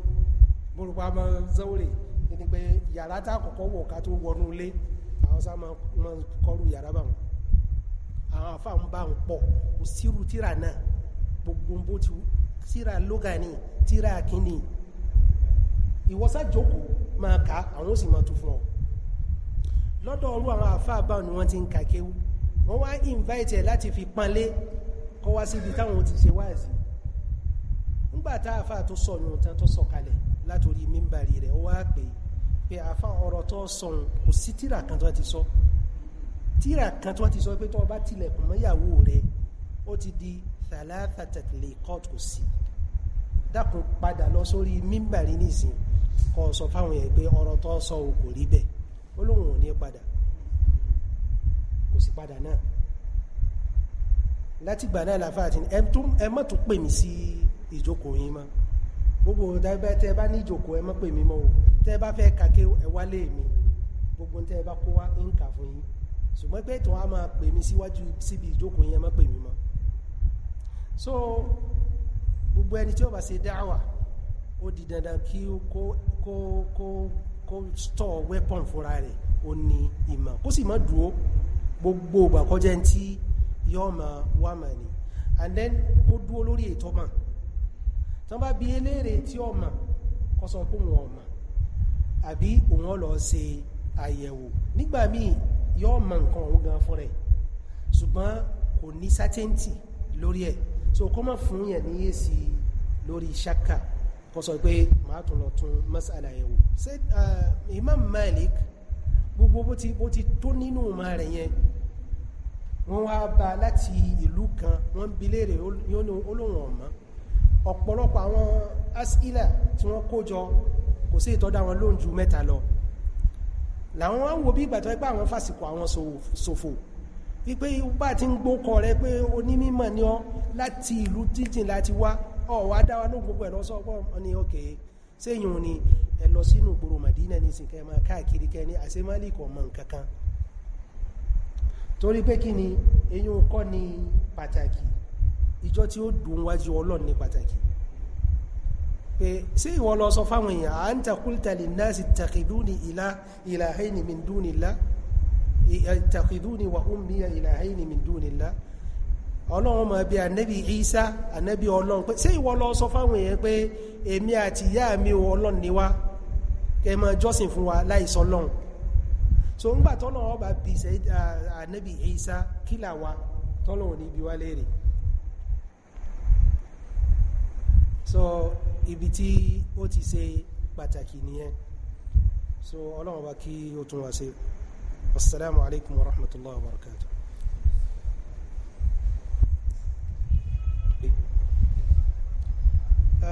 bórúkọ àmọ́ zẹ́wòrè ni yàrá tá àkọ́kọ́ wọ̀ ká tó wọnú ilé sá máa kọrù yàrá bá wọn àwọn afá ń bá wọn pọ̀ kò sírù tíra náà gbogbo bó ti tíra lóga ní tíra kíní ìwọ́sá jókòó máa ká àwọn ó sì máa tún fún ọ lọ́dọ̀ ọrú àwọn afá bá wọn ni wọ́n ti ń kàkéwú wọ́n wá invite ẹ̀ láti fi panlé kọ́ wá síbi táwọn ti ṣe wáàsí nígbà tá àfá tó sọ ní ọ̀tán tó sọ̀kalẹ̀ látòrí mímbàrí rẹ̀ ó wá pè é pé àfá ọ̀rọ̀ tó sọ̀rọ̀ kò sí tíra kan tó ti sọ tíra kan tó ti sọ pé tó bá tilẹ̀kùn mọ́yàwó rẹ̀ ó ti di thalatha tatliqat kò sí dákun padà lọ sórí mímbàrí nìsín kó sọ fáwọn yẹn pé ọ̀rọ̀ tó sọ ò kò rí bẹ́ẹ̀ ó lóun ò ní padà kò sí padà náà láti gbà náà làfáà ti ní ẹ má tún pè mí sí ìjókòó yín mọ́ gbogbo dábẹ́ tẹ bá ní ìjókòó ẹ má pè mí mọ́ o tẹ́ bá fẹ́ kàkẹ́ ẹ̀wálé mi gbogbo tẹ́ bá kó wá ń kà fún yín ṣùgbọ́n pé tàn á máa pè mí síwájú síbi ìjókòó yẹn má pè mí mọ́ so gbogbo ẹni tí ó bá ṣe dáwà ó di dandan kí kó kó kó kó store weapon fúnra rẹ̀ ó ní ìmọ̀ kó sì má dúró gbogbo ìgbà kọjá tí yọ́ ma wà mà ní and then kó dúró lórí ètò mọ̀ tán bá bi eléèrè tí ọ mà kó wọn mà àbí òun lọ ṣe àyẹ̀wò nígbà míì yóò mọ nǹkan òun gan fún rẹ̀ ṣùgbọ́n kò ní sátẹ́ǹtì lórí ẹ̀ so kó mọ̀ fún yẹn ní èsì lórí ṣaka kó sọ pé màá tún lọ tún masala yẹ̀wò ṣe eh, Imam Malik gbogbo bó ti bó ti tó nínú ọmọ rẹ̀ yẹn wọ́n wá bá láti ìlú kan wọ́n bi léèrè olóhùn ọ̀mọ́ ọ̀pọ̀lọpọ̀ àwọn asílà tí wọ́n kó jọ kò sí ìtọ́dá wọn lóhùn ju mẹ́ta lọ làwọn wá wo bí ìgbà tó ẹ pé àwọn fásikò àwọn ṣòfò wípé bá ti ń gbókọ rẹ pé onímọ̀ ni ọ láti ìlú jíjìn láti wá ọ̀wá dáwà ló gbogbo ẹ̀lọ́ sọ́pọ̀ ní ọkẹ̀ séyìn ni ẹ lọ sínú gbòrò Màdínà ní ìsìnkẹ́ ẹ máa káàkiri kẹ́ ní àṣemálìkọ̀ mọ̀ nǹkankan torí pé kí ni eyín kọ́ ni pàtàkì ìjọ tí ó dùn wájú Ọlọ́run ni pàtàkì pé ṣé ìwọ lọ sọ fáwọn èèyàn à ń takúlta lè náà sì takidúni ìlàhẹ́ni min dúnilá takidúni wà ummiya ìlàhẹ́ni min dúnilá ọlọ́run ma bí anẹ́bí Isa anẹ́bí ọlọ́run pé ṣé ìwọ lọ sọ fáwọn èèyàn pé èmi àti ìyá so ń gbà tọ́lọ̀ ọba bí anẹ́bí Isa kílà wa tọ́lọ̀ ní so ibi tí ó ti ṣe pàtàkì nìyẹn so ọlọ́run bá kí ó tún wá ṣe assalamu alaikum wa rahmatullahi wa barakatuh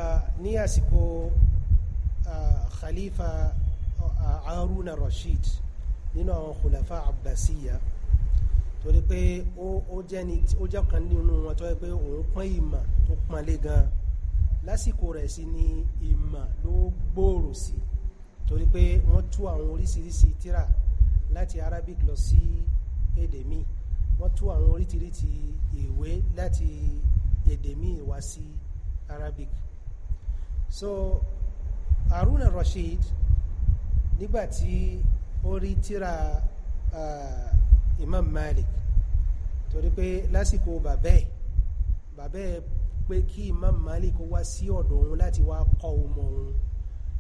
ah, ní àsìkò ah, khalifa ah, haruna rashid nínú àwọn khulafa abbasiya torí pé ó jẹ́ kan nínú wọn tó yẹ pé òun pọ́n ìmọ̀ tó pọ́nlé gan-an lásìkò rẹ̀ sí ni ìmọ̀ ló gbòòrò sí torí pé wọ́n tú àwọn oríṣiríṣi tíra láti arabic lọ sí èdè míì wọ́n tú àwọn oríṣiríṣi ìwé láti èdè míì wá sí arabic so haruna rasheed nígbàtí ó rí tíra uh, imam malik torí pé lásìkò bàbẹ́ bàbẹ́ pé kí Imam Malik wá sí ọ̀dọ̀ òun láti wá kọ́ ọmọ òun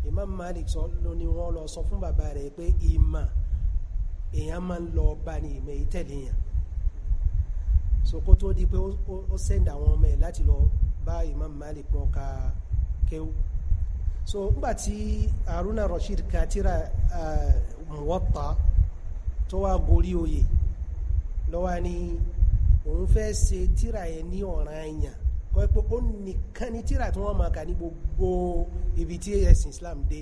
Imam Malik sọ ló ni wọ́n lọ sọ fún bàbá rẹ̀ pé ìmà èèyàn máa ń lọ bá ní ìmẹ̀ ìtẹ̀lẹ́yàn so kó tó di pé ó send àwọn ọmọ ẹ̀ láti lọ bá Imam Malik wọn ka kéwú so ńgbà tí Haruna Rashid katira uh, Muwatta tó wá gorí oyè lọ́wọ́ ni òun fẹ́ ṣe tíra ẹ̀ ní ọ̀ràn ẹ̀yàn kọ́ pé ó nìkan ní tíra tí wọ́n máa kà ní gbogbo ibi tí ẹ̀sìn Islam dé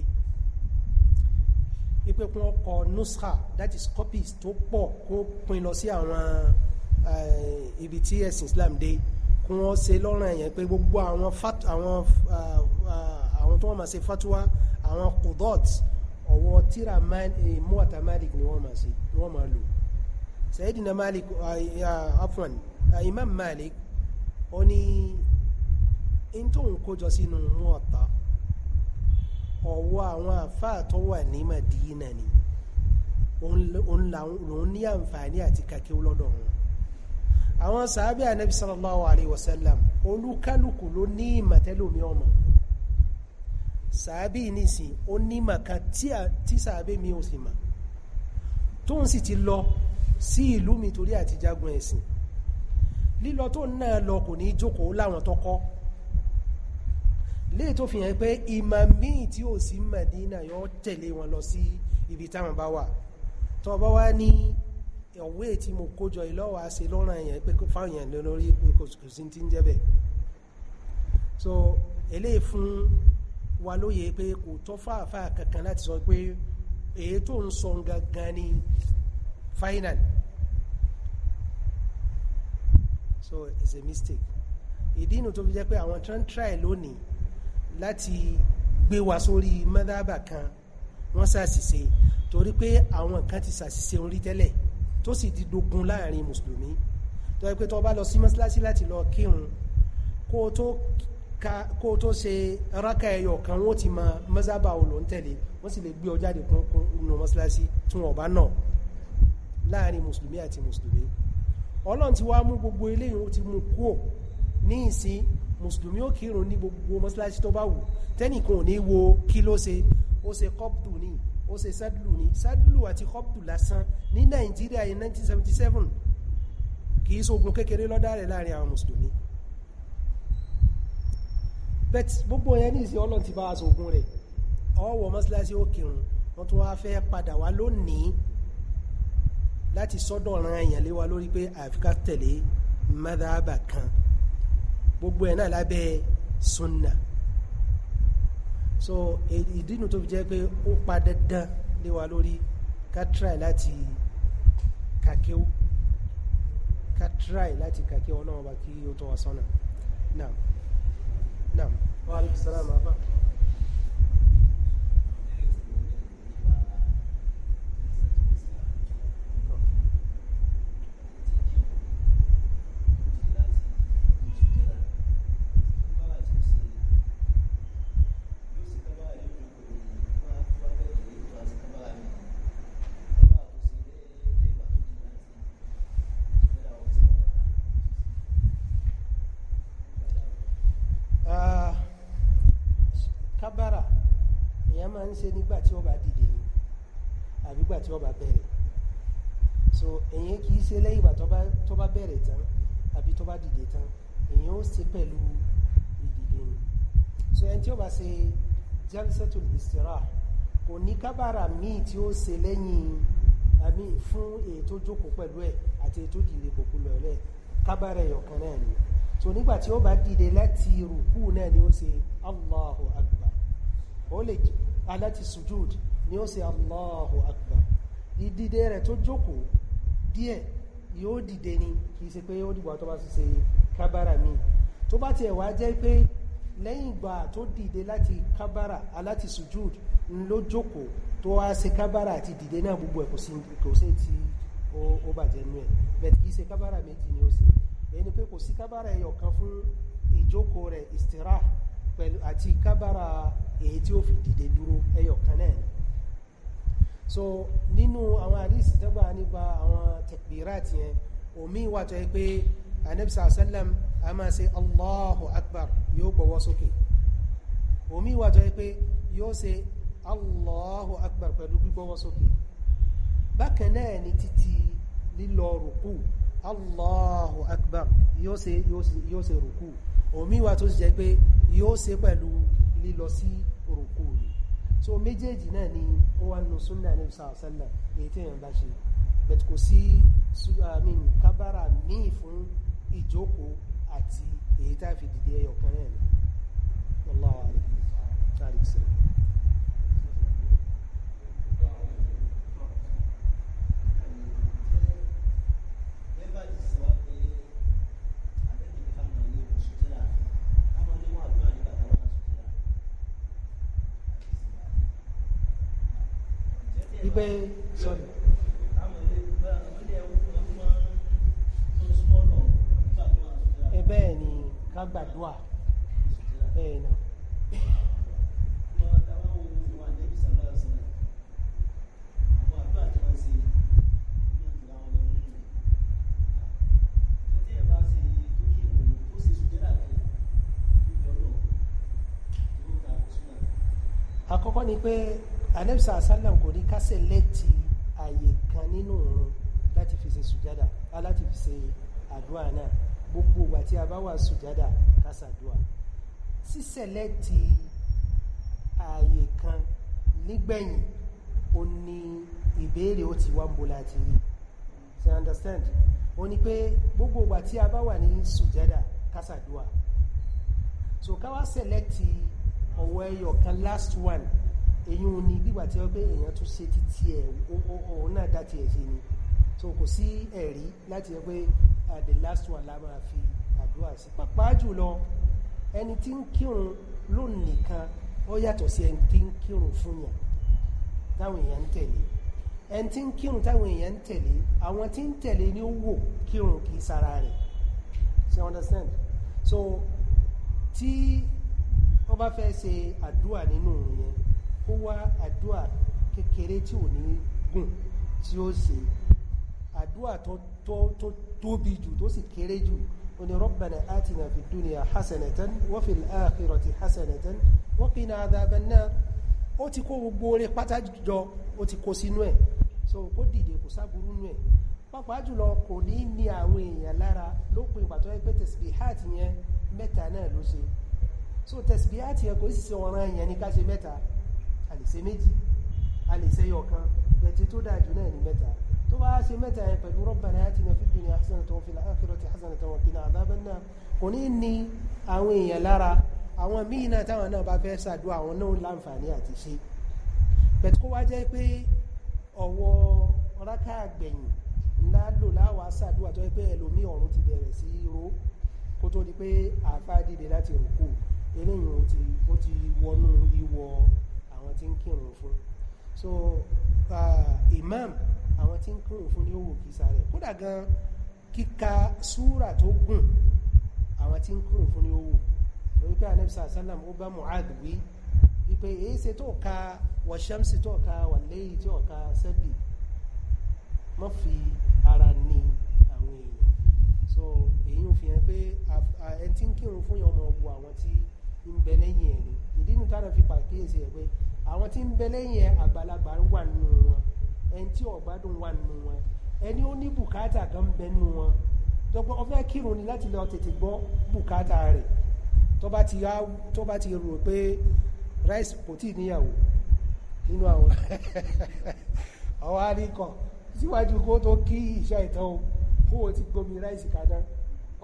ipe kún ọkọ̀ nusra that is copies tó pọ̀ kó pin lọ sí àwọn eh, ibi tí ẹ̀sìn Islam dé kún wọ́n ṣe lọ́rùn ẹ̀yẹn pé gbogbo àwọn àwọn eh, eh, tó wọ́n máa ṣe fatwa àwọn kudot ọwọ́ tíra Muwatta Malik ni wọ́n máa ṣe ni wọ́n máa lò Sayyidina Malik afwan Imam Malik ó ní in tó ń kójọ sínú mú ọ̀tá ọ̀wọ́ àwọn àfáà tó wà ní Madina ni òun ní àǹfààní àti kàkíw lọ́dọ̀ wọn àwọn sàábí ànábì sallallahu alaihi wasallam olúkálùkù ló ní ìmọ̀tẹ́lómi ọmọ sàábí nìsín ó ní màkà tí sàábí mi ò sì mà tóun sì ti lọ sí ìlú mi torí àti jagun ẹ̀sìn lílọ tó náà lọ kò ní jókòó láwọn tó kọ́ léè tó fi hàn pé ìmà míì tí ò sí Madina yóò tẹ̀lé wọn lọ sí ibi táwọn bá wà tó bá wá ní ọ̀wé tí mo kójọ ìlọ́wà ṣe lọ́ràn èèyàn pé so eléyìí fún wa lóye pé kò tọ́ fáàfáà kankan final so it's a mistake ìdí inú tó fi jẹ́ pé àwọn tó ń try lónìí láti gbé wa sórí mọ́dábà kan wọ́n ṣàṣìṣe torí pé àwọn kan ti ṣàṣìṣe orí tẹ́lẹ̀ tó sì ti dogun láàrin mùsùlùmí tó yẹ pé tó bá lọ sí mọ́sálásí láti lọ kírun kó tó ka kó tó ṣe rákà ẹyọ kan wọ́n ti ma mọ́sábà ò lọ ń tẹ̀lé wọ́n sì lè gbé ọjáde kún kún nù mọ́sálásí tún ọ̀bá náà láàrin mùsùlùmí àti mùsùlùmí ọlọ́run ti wá mú gbogbo eléyìí ó ti mú kúò ní ìsìn mùsùlùmí ó kírun ní gbogbo mọ́sálásí tó bá wù tẹ́nìkan ò ní wo kí ló ṣe ó ṣe kọ́pùtù ní ó ṣe sádùlù ní sádùlù àti kọ́pùtù lásán ní nàìjíríà in 1977 kì í ṣogun kékeré lọ́dá rẹ̀ láàrin àwọn mùsùlùmí bet gbogbo yẹn ní ìsìn ọlọ́run ti bá aṣogun rẹ̀ ọwọ́ mọ́sálásí ó kírun wọ́n tún wá fẹ́ padà wá lónìí láti sọ́dọ̀ ran èèyàn léwa lórí pé àfikà tẹ̀lé madhaba kan gbogbo ẹ̀ náà lábẹ́ sunna so ìdínú tó fi jẹ́ pé ó pa dandan léwa lórí ká try láti kàkéwò ká try láti kàkéwò náà wà kí ó tọ́ wa sọ́nà naam naam wa alaikum salaam àbá. ń ṣe nígbà tí wọ́n bá dìde ni àbí gbà tí wọ́n bá bẹ̀rẹ̀ so èyàn kì í ṣe lẹ́yìn ìgbà tó bá bẹ̀rẹ̀ tán àbí tó bá dìde tán èyàn ó ṣe pẹ̀lú ìdìde ni so ẹni tí ó bá ṣe jalsatul istirah kò ní kábàrà míì tí ó ṣe lẹ́yìn àmì fún èyí tó jókòó pẹ̀lú ẹ̀ àti èyí tó dìde kòkó lọ́lẹ̀ kábàrà ẹ̀yọ̀kan náà ni so nígbà tí ó bá dìde láti rùkú náà ni ó ṣe allahu akbar ó lè aláti sujúd ni ó ṣe Allahu Akbar ìdìde rẹ̀ tó jókòó díẹ̀ yóò dìde ni kì í ṣe pé ó dìgbà tó bá ṣe kábàrà mi tó bá tiẹ̀ e wá jẹ́ pé lẹ́yìn ìgbà tó dìde láti kábàrà aláti sujúd ló jókòó tó wá ṣe kábàrà àti dìde náà gbogbo ẹ̀ kò sí ti ó bàjẹ́ nú ẹ̀ bẹ́ẹ̀ kì í ṣe méjì ni ó ṣe èyí pé kò sí e. kábàrà ẹyọ fún ìjókòó rẹ̀ istirah pẹ̀lú àti kábàrà èyí tí ó fi dìde dúró ẹyọ náà ni so nínú àwọn àdísì tọ́gbà nípa àwọn tẹ̀kbìrátì yẹn omi wà tó yẹ pé anẹ́bìsà sẹ́lẹ̀m a máa ṣe allahu akbar yóò gbọ́wọ́ sókè omi wà tó yẹ pé yóò ṣe allahu akbar pẹ̀lú gbígbọ́wọ́ sókè bákan náà ni títí lílọ rùkú allahu akbar yóò ṣe rùkú omi wà tó sì jẹ́ pé yóò ṣe pẹ̀lú lílọ sí òrùkú ni so méjèèjì náà ni ó wà nínú súnà ní sàásánà èyí tí èèyàn bá ṣe bẹ̀tù kò sí kábàrà míì fún ìjókòó àti èyí tá a fi dìde ẹyọ kan náà ni wọ́n láwàá rẹ̀ wípé sọ́nà. ẹ bẹ́ẹ̀ ni ká gbàdúrà bẹ́ẹ̀ náà. àkọ́kọ́ ni pé anẹ́bísà asálàm kò ní kásẹ̀ lẹ́tì àyè kan nínú òun láti fi ṣe sùjádà láti fi ṣe àdúrà náà gbogbo ìgbà tí a bá wà sùjádà kásàdúrà sísẹ̀ lẹ́tì ààyè kan nígbẹ̀yìn ó ní ìbéèrè ó ti wá ń bo láti rí so understand ó ní pé gbogbo ìgbà tí a bá wà ní sùjádà kásàdúrà so káwá sẹ̀lẹ́tì ọ̀wọ́ ẹyọ kan last one èyí ò ní gbígbà tí wọ́n pé èèyàn tún ṣe títí ẹ̀ òun náà dá tiẹ̀ ṣe ni so kò sí ẹ̀rí láti ẹ pé the last one la máa fi àdúrà sí pàápàá jùlọ ẹni tí ń kírun lónìí nìkan ó yàtọ̀ sí ẹni tí ń kírun fún yàn táwọn èèyàn ń tẹ̀lé ẹni tí ń kírun táwọn èèyàn ń tẹ̀lé àwọn tí ń tẹ̀lé ni ó wò kírun kì í sara rẹ̀ so understand so tí ó bá fẹ́ ṣe àdúrà nínú yẹn kó wá àdúà kékeré tí ò ní gùn tí ó ṣe àdúà tó tó tóbi jù tó sì kéré jù ó ní rabbana atina fid dunya hasanatan wa fil akhirati hasanatan wa qina adhaban nar ó ti kó gbogbo oore pátá jọ ó ti kó sínú ẹ̀ so kó dìde kò sáburú nú ẹ̀ pàápàá jùlọ kò ní ní àwọn èèyàn lára lópin ìgbà tó yẹ pé tasbihat yẹn mẹ́ta náà ló ṣe so tasbihat yẹn kò sì ṣe ọ̀ràn yẹn ní ká ṣe mẹ́ta a lè ṣe méjì a lè ṣe yọ̀kan bẹ̀tẹ̀ tó dáa jù náà ní mẹ́ta tó bá ṣe mẹ́ta yẹn pẹ̀lú rabbana atina fid dunya hasanatan wa fil akhirati hasanatan wa qina adhaban nar kò ní ní àwọn èèyàn lára àwọn míì náà táwọn náà bá fẹ́ ṣàdúrà àwọn náà láǹfààní àti ṣe bẹ̀tẹ̀ kó wá jẹ́ pé ọ̀wọ́ rákà gbẹ̀yìn ńlá lò láwà ṣàdúrà tó yẹ pé ẹlòmíì ọ̀run ti bẹ̀rẹ̀ sí ro kó tó di pé àáfàá dìde láti rò kù eléyìí ó ti wọnú ìwọ àwọn tí ń kírun fún so uh, imam àwọn tí ń kírun fún ní ó wò kísà rẹ̀ kódà gan kíka súrà tó gùn àwọn tí ń kírun fún ní ó wò torí pé anabisa salam ó bá mu'ad wí ipe èyí ṣe tó ka wàṣẹ́mṣe tó ka wàlẹ́yìn tó ka sẹ́bì mọ́ fi ara ní àwọn èèyàn so èyí ń fi hàn pé ẹni tí ń kírun fún yọmọ wo àwọn tí ń bẹ lẹ́yìn ẹ̀ ni ìdí nìkan náà fi pàkíyèsí ẹ̀ pé àwọn tí ń bẹ lẹ́yìn àgbàlagbà wà nínú wọn ẹni tí ọ̀gbádùn wà nínú wọn ẹni ó ní bùkátà gan ń bẹ nínú wọn tọgbọ́n ọ fẹ́ kírun ni láti lọ tètè gbọ́ bùkátà rẹ̀ tó bá ti rò pé rice kò tí níyàwó nínú àwọn ọwọ́ àríkọ̀ síwájú kó tó kí ìṣẹ́ ìtàn kó o ti gbomi rice kaná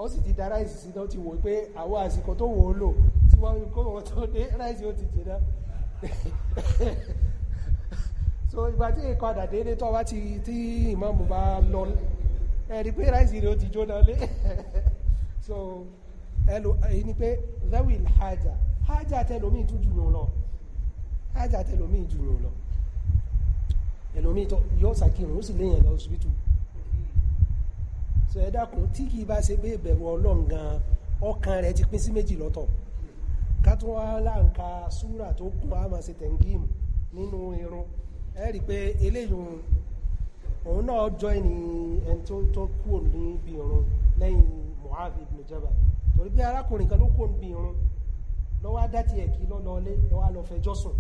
ó sì ti da rice sí náà ti wò pé àwọn àsìkò tó wò ó lò síwájú kó o tó dé rice ó ti jẹ́ náà so ìgbà tí ìpadà délé tọ́wá ti tí ìmáàmù bá lọ ẹ̀rí pé ráìsì rẹ̀ ó ti jóná lé so ẹlò èyí ni pé zawil hajjá hajjá tẹlomi tún jù lọ hajjá tẹlomi jù yàn lọ ẹlòmí yóò sàkírun ó sì léyàn lọ síbítù so ẹ dákun tí kì í bá ṣe pé ìbẹ̀rù ọlọ́run ọkàn rẹ̀ ti pín sí méjì lọ́tọ̀ kátún wá láǹka súrà tó kún á máa ṣe tẹ̀ngìm nínú irun ẹ rí i pé eléyìí òun náà jọ ẹni ẹni tó tó kúrò níbi irun lẹ́yìn Mu'adh ibn Jabal torí pé arákùnrin kan ló kúrò níbi irun lọ́wọ́ á dá tiẹ̀ lọ́wọ́ á sùn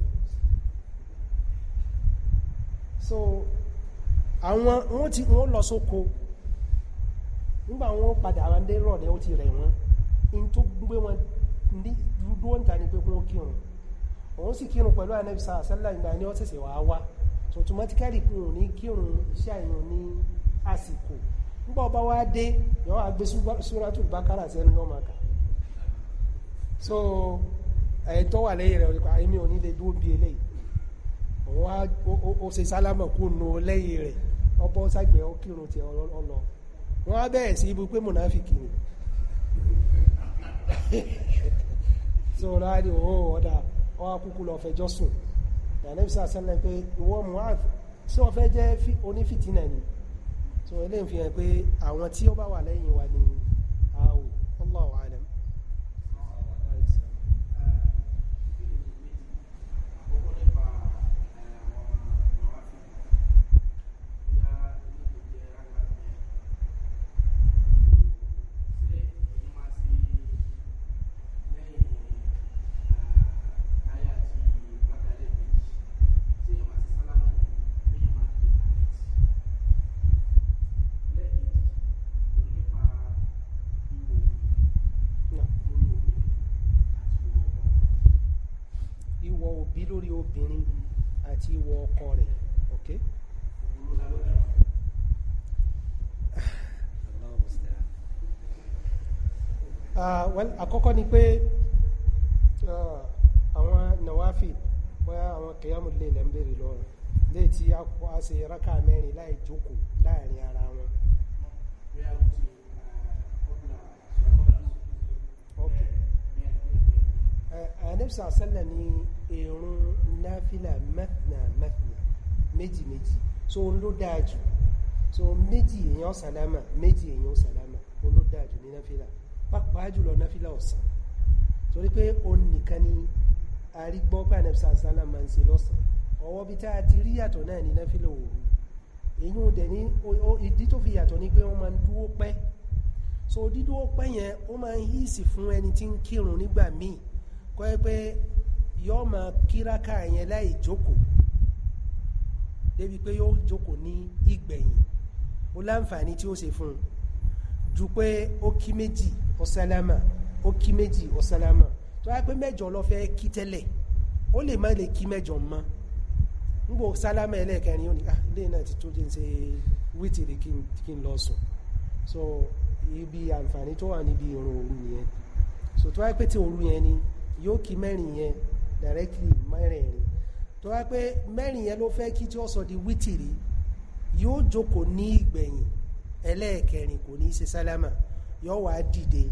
so àwọn wọ́n ti wọ́n lọ sóko nígbà wọ́n padà àwọn dé rọ̀ ní ti rẹ̀ wọ́n in tó gbé wọn dúró ń ta ni pé kó kírun òun sì kírun pẹ̀lú anabi sàlá sàlá ìgbà ni ó ṣẹ̀ṣẹ̀ wàá wá so automatically pé òun ní kírun iṣẹ́ àyàn ní àsìkò nígbà ọba wa dé yọ àgbé súrátù bákàrà sẹ́nu yọ máa kà so ẹ̀tọ́ wà lẹ́yìn rẹ̀ ọ̀rẹ́kọ̀ àìmí ah, ò ní lè dúró bí eléyìí ó ṣe sálámà kó nu lẹ́yìn rẹ̀ ọbọ̀ ságbẹ̀ ọkírun ti ọlọ wọ́n á bẹ̀rẹ̀ sí ibi pé mùnáfìkì ni so láàrin òun ọ̀dà ọwá kúkú lọ fẹjọ́ sùn ìyànẹ́bí sàṣẹ́lẹ̀ pé ìwọ Mu'adh sí ọ fẹ́ jẹ́ onífìtínà ni so eléyìí fi hàn pé àwọn tí ó bá wà lẹ́yìn wa ni àwò Allahu a'lam ìwọ ọkọ rẹ̀ ok. Ah, well àkọ́kọ́ ni pé ah, àwọn nàwáfì bóyá àwọn kìyàmù lè lẹ́ ń bèrè lọ́rùn léè tí a ṣe rákà mẹ́rin láì jókòó láàrin ara wọn. Eh, ànẹ́bísà sẹ́lẹ̀ ní èrún náfìlà mẹ́tìnà mẹ́tìnà méjì méjì so òun ló dáa jù so méjì èèyàn sàlámà méjì èèyàn sàlámà òun ló dáa jù ní náfìlà pàápàá jùlọ náfìlà ọ̀sán torí pé òun nìkan ni arígbọ́ pé ànẹ́bísà sẹ́lẹ̀ máa ń ṣe lọ́sàn ọwọ́ bí tá a ti rí yàtọ̀ náà ní náfìlà òru èyí dẹ̀ ní ìdí tó fi yàtọ̀ ni pé wọ́n máa ń dúró pẹ́ so dídúró pẹ́ yẹn ó máa ń híìsì fún ẹni tí ń kírun nígbà míì kọ́ ẹ pé yọ́ ma kíráka yẹn láì jókòó débi pé yóò jókòó ní ìgbẹ̀yìn ó láǹfààní tí ó ṣe fún un ju pé ó kí méjì ó sálámà ó kí méjì ó sálámà tó yá pé mẹ́jọ lọ fẹ́ kí tẹ́lẹ̀ ó lè má lè kí mẹ́jọ mọ́ nígbò sálámà ẹlẹ́ẹ̀kẹrin ó ní ah ilé náà ti tó jẹ́ ṣe wítìrì kí n lọ sùn so ibi àǹfààní tó wà níbi ìrun òru nìyẹn so tó yá pé tí òru yẹn ni yóò kí mẹ́rin yẹn directly mẹ́rẹ̀ẹ̀rin tó wá pé mẹ́rin yẹn ló fẹ́ kí tí ó sọ di wítìrí yóò jókòó ní ìgbẹ̀yìn ẹlẹ́ẹ̀kẹrin kò ní ṣe sálámà yóò wá dìde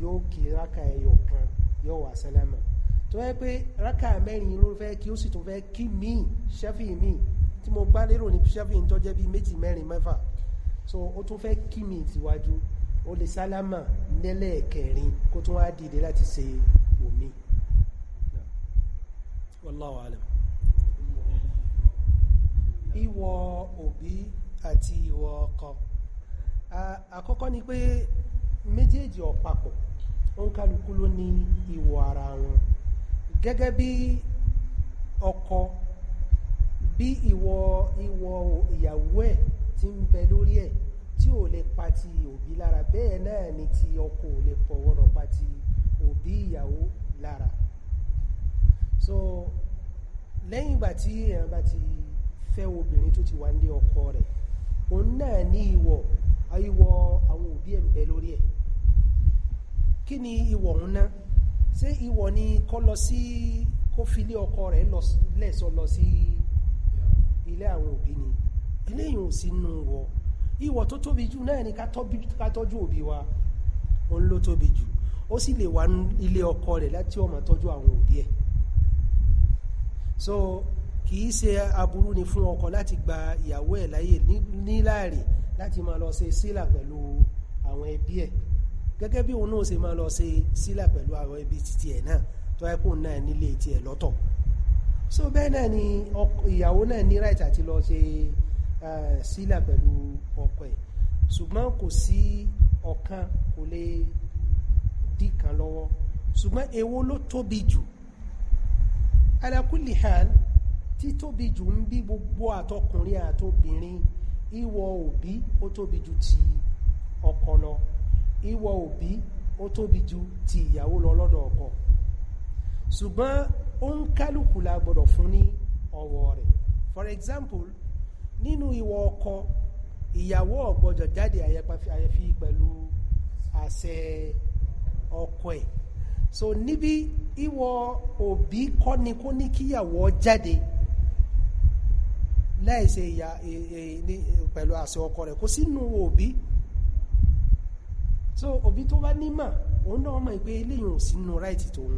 yóò kí rákà ẹyọ kan yóò wá sálámà tó wá pé rákà mẹ́rin ló fẹ́ kí ó sì tó fẹ́ kí míì ṣẹ́fì míì tí mo bá lérò ní ṣẹ́fì tó jẹ́ bí méjì mẹ́rin mẹ́fà so ó tún fẹ́ kí míì tíwájú ó lè sálámà nílẹ̀ẹ̀kẹrin kó tún wá dìde láti ṣe omi wallahu alam ìwọ òbí àti ìwọ ọkọ àkọ́kọ́ ni pé méjèèjì ọ̀pápọ̀ oúnkálukú ló ní ìwọ ara wọn gẹ́gẹ́ bí ọkọ bí ìwọ ìwọ ìyàwó ẹ̀ tí ń bẹ lórí ẹ̀ tí ò lè pa ti òbí lára bẹ́ẹ̀ náà ni ti ọkọ ò lè fọwọ́rọ̀ pa ti òbí ìyàwó lára so lẹ́yìn ìgbà tí èèyàn bá ti fẹ́ obìnrin tó ti wà nílé ọkọ rẹ̀ òun náà ní ìwọ̀ ayíwọ̀ àwọn òbí ẹ̀ ń bẹ lórí ẹ̀ kí ni ìwọ̀ òun náà ṣé ìwọ̀ ni kọ́ lọ sí kó fi ilé ọkọ rẹ̀ lẹ́sọ lọ sí ilé àwọn òbí ni eléyìí ò sí nù wọ ìwọ̀ tó tóbi jù náà ni ká tọ́jú òbí wa òun ló tóbi jù ó sì lè wà ilé ọkọ rẹ̀ láti ó tọ́jú àwọn òbí ẹ̀ so kìí ṣe aburú ni fún ọkọ láti gba ìyàwó ẹ̀ láyè níláàrí láti máa lọ ṣe sílà pẹ̀lú àwọn ẹbí ẹ̀ gẹ́gẹ́ bí òun náà ṣe máa lọ ṣe sílà pẹ̀lú àwọn ẹbí títí ẹ̀ náà tó ẹ́ kò náà nílé tiẹ̀ lọ́tọ̀ so bẹ́ẹ̀ náà ni ìyàwó náà ní right àti lọ ṣe sílà pẹ̀lú ọkọ ẹ̀ ṣùgbọ́n kò sí ọ̀kan kò lè dí kan lọ́wọ́ ṣùgbọ́n èwo ló tóbi jù ala kulli hal títóbi jù ń bí gbogbo àtọkùnrin àtobìnrin ìwọ òbí ó tóbi jù ti ọkọ lọ ìwọ òbí ó tóbi jù ti ìyàwó lọ lọ́dọ̀ ọkọ ṣùgbọ́n ó ń kálukú la gbọ́dọ̀ fún ní ọwọ́ rẹ̀ for example nínú ìwọ ọkọ ìyàwó ọ̀gbọ́dọ̀ jáde àyẹ̀fi pẹ̀lú àṣẹ ọkọ ẹ̀ so níbi ìwọ òbí kọ́ ni kó ní kíyàwó jáde láìṣe ìyá pẹ̀lú àṣẹ ọkọ rẹ̀ kó sínú òbí so òbí tó bá nímọ̀ òun náà mọ̀ pé eléyìí ò sínú ráìtì tòun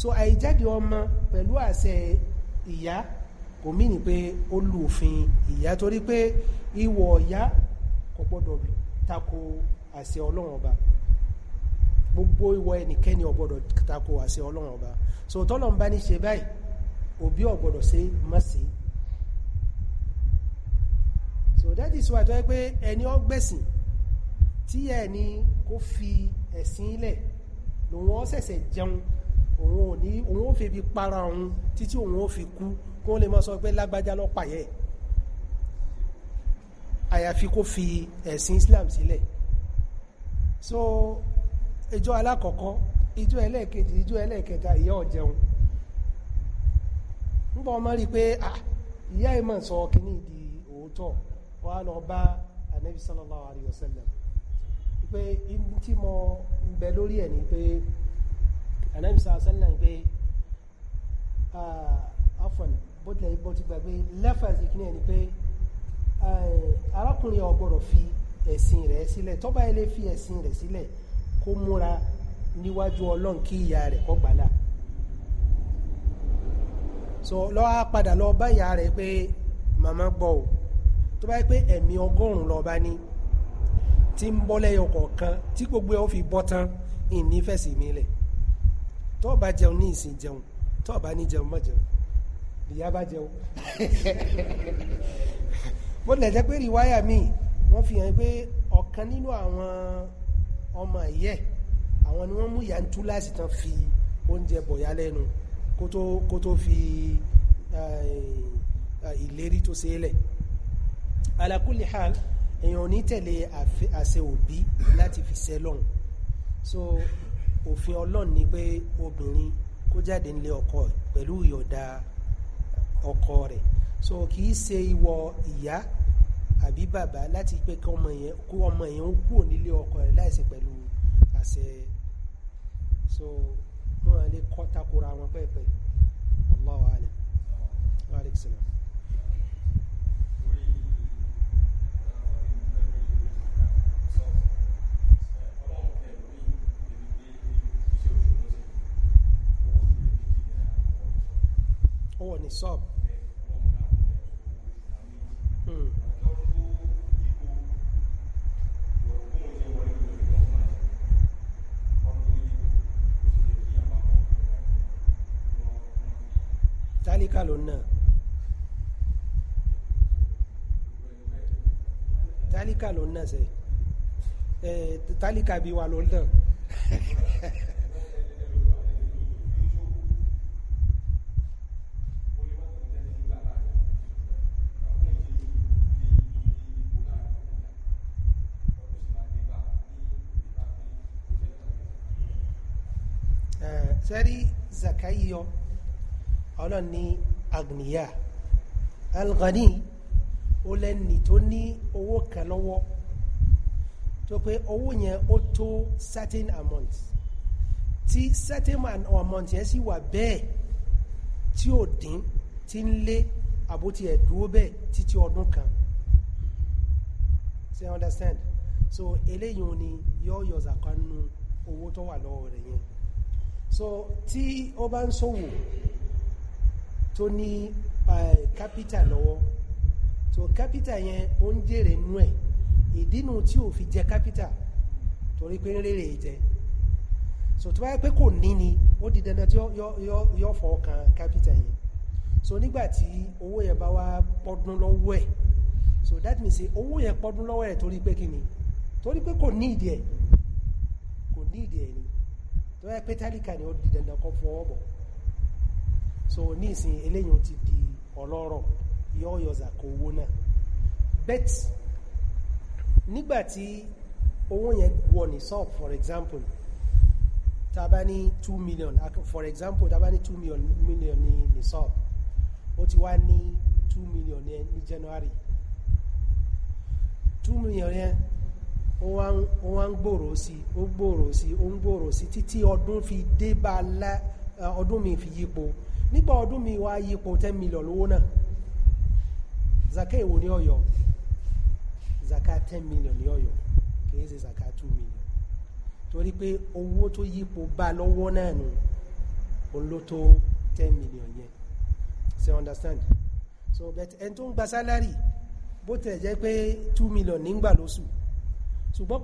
so àìjáde ọmọ pẹ̀lú àṣẹ ìyá kò mí ní pé ó lu òfin ìyá torí pé ìwọ̀ ìyá kò gbọ́dọ̀ tako àṣẹ ọlọ́run ọba gbogbo ìwọ ẹnikẹ́ni ọ̀gbọ́dọ̀ tako àṣẹ ọlọ́run ọba so tọ́lọ́run bá ní ṣe báyìí òbí ọ̀gbọ́dọ̀ ṣe má ṣe so that is why tó yẹ pé ẹni ọgbẹ̀sìn tí ẹni kó fi ẹ̀sìn ilẹ̀ lòun ó ṣẹ̀ṣẹ̀ jẹun òun ò ní òun ó fi ibi para òun títí òun ó fi kú kó lè máa sọ pé lágbájá ló pàyẹ́ àyàfi kó fi ẹ̀sìn Islam sílẹ̀ so ìjọ alákọ̀ọ́kọ́ ìjọ ẹlẹ́ẹ̀kejì ìjọ ẹlẹ́ẹ̀kẹta ìyá ọ̀jẹun ń bọ́ ọmọ rí pé ìyá ìmọ̀ sọ kìíní di òótọ́ wà lọ bá anabi sallallahu wa sallam pé tí mo ń bẹ lórí ẹ̀ ni sallallahu alayhi wa sallam pé afọ̀n bó tilẹ̀ bó ti gbàgbé ni pé arákùnrin ò gbọ́dọ̀ fi ẹ̀sìn rẹ̀ sílẹ̀ tó ilé fi ẹ̀sìn rẹ̀ sílẹ̀ kó múra níwájú ọlọ́run kí ìyá rẹ̀ kọ́ gbàlà so lọ́wọ́ padà lọ bá ìyá rẹ̀ pé màmá gbọ́ ò tó bá yẹ pé ẹ̀mí ọgọ́rùn-ún lọ bá ní tí ń bọ́ lẹ́yọ kọ̀ọ̀kan tí gbogbo ẹ̀ ó fi bọ́ tán ìní fẹ̀sì mi lẹ̀ tó bá jẹun ní ìsìn jẹun tó bá ní jẹun má jẹun ìyá bá jẹun bó lẹ̀ jẹ́ pé rìwáyà míì wọ́n fi hàn pé ọ̀kan nínú àwọn ọmọ ìyẹ́ àwọn ni wọ́n mú ìyá ń tú láti tán fi oúnjẹ bọ̀yá lẹ́nu kó tó kó tó fi eh, eh, ìlérí tó ṣe é lẹ̀ ala kulli hal èèyàn ní tẹ̀lé àṣẹ òbí láti fi ṣẹ́ lọ́hùn so òfin ọlọ́run ni pé obìnrin kó jáde nílé ọkọ pẹ̀lú ìyọ̀dá ọkọ rẹ̀ so kìí ṣe ìwọ ìyá àbí bàbá láti pé kí ọmọ yẹn kó ọmọ yẹn ó kúrò nílé ọkọ rẹ̀ láìsí pẹ̀lú àṣẹ so wọn lè kọ́ takora wọn pẹ́ẹ́pẹ́ Allahu alam wa alaikum salam. ọwọ́ ní sọ́ọ̀bù يفعلن tálíkà ló ná ṣe tálíkà bí wà ló ná sẹ́rí zakayọ ọlọ́run ni agniya alghani ó lẹ́ni tó ní owó kan lọ́wọ́ tó pé owó yẹn ó tó certain amount tí certain amount yẹn sì wà bẹ́ẹ̀ tí ò dín tí ń lé àbótí ẹ̀ bẹ́ẹ̀ títí ọdún kan ṣé understand so eléyìí ni yóò yọ zàkánú owó tó wà lọ́wọ́ rẹ̀ yẹn so tí ó bá ń ṣòwò tó ní kápítà eh, lọ́wọ́ so kápítà yẹn ó ń jèrè nú ẹ̀ ìdínú tí ò fi jẹ kápítà torí pé ń rèrè jẹ so tó bá yẹ pé kò ní ni ó di dandan tí yọ fọ ọkàn kápítà yẹn so nígbàtí owó yẹn bá wá pọdún lọ́wọ́ ẹ̀ so that means owó yẹn pọdún lọ́wọ́ ẹ̀ torí pé kí ni torí pé kò ní ìdí ẹ̀ kò ní ìdí ẹ̀ ni tó yẹ pé tálíkà ni ó di dandan kó fọwọ́ bọ̀ so ní ìsìn eléyìí ti di ọlọ́rọ̀ yóò yọ zàkọ owó náà bet nígbàtí owó yẹn wọ ní sub for example tàbá ní 2 million for example tàbá ní 2 million, million ní ní sub ó ti wá ní 2 million yẹn ní January 2 million yẹn ó wá ń gbòòrò sí ó gbòòrò sí ó ń gbòòrò sí títí ọdún fi dé bá ọdún mi fi yípo nígbà ọdún mi wá yípo 10 million lówó náà zaka èwo ní ọ̀yọ́ zaka 10 million ní ọ̀yọ́ kìí ṣe zaka 2 million torí pé owó tó yípo bá lọ́wọ́ náà nù òun ló tó 10 million yẹn ṣe understand so but ẹni tó ń gba sálárì bó tẹ̀ jẹ́ pé 2 million nígbà lóṣù ṣùgbọ́n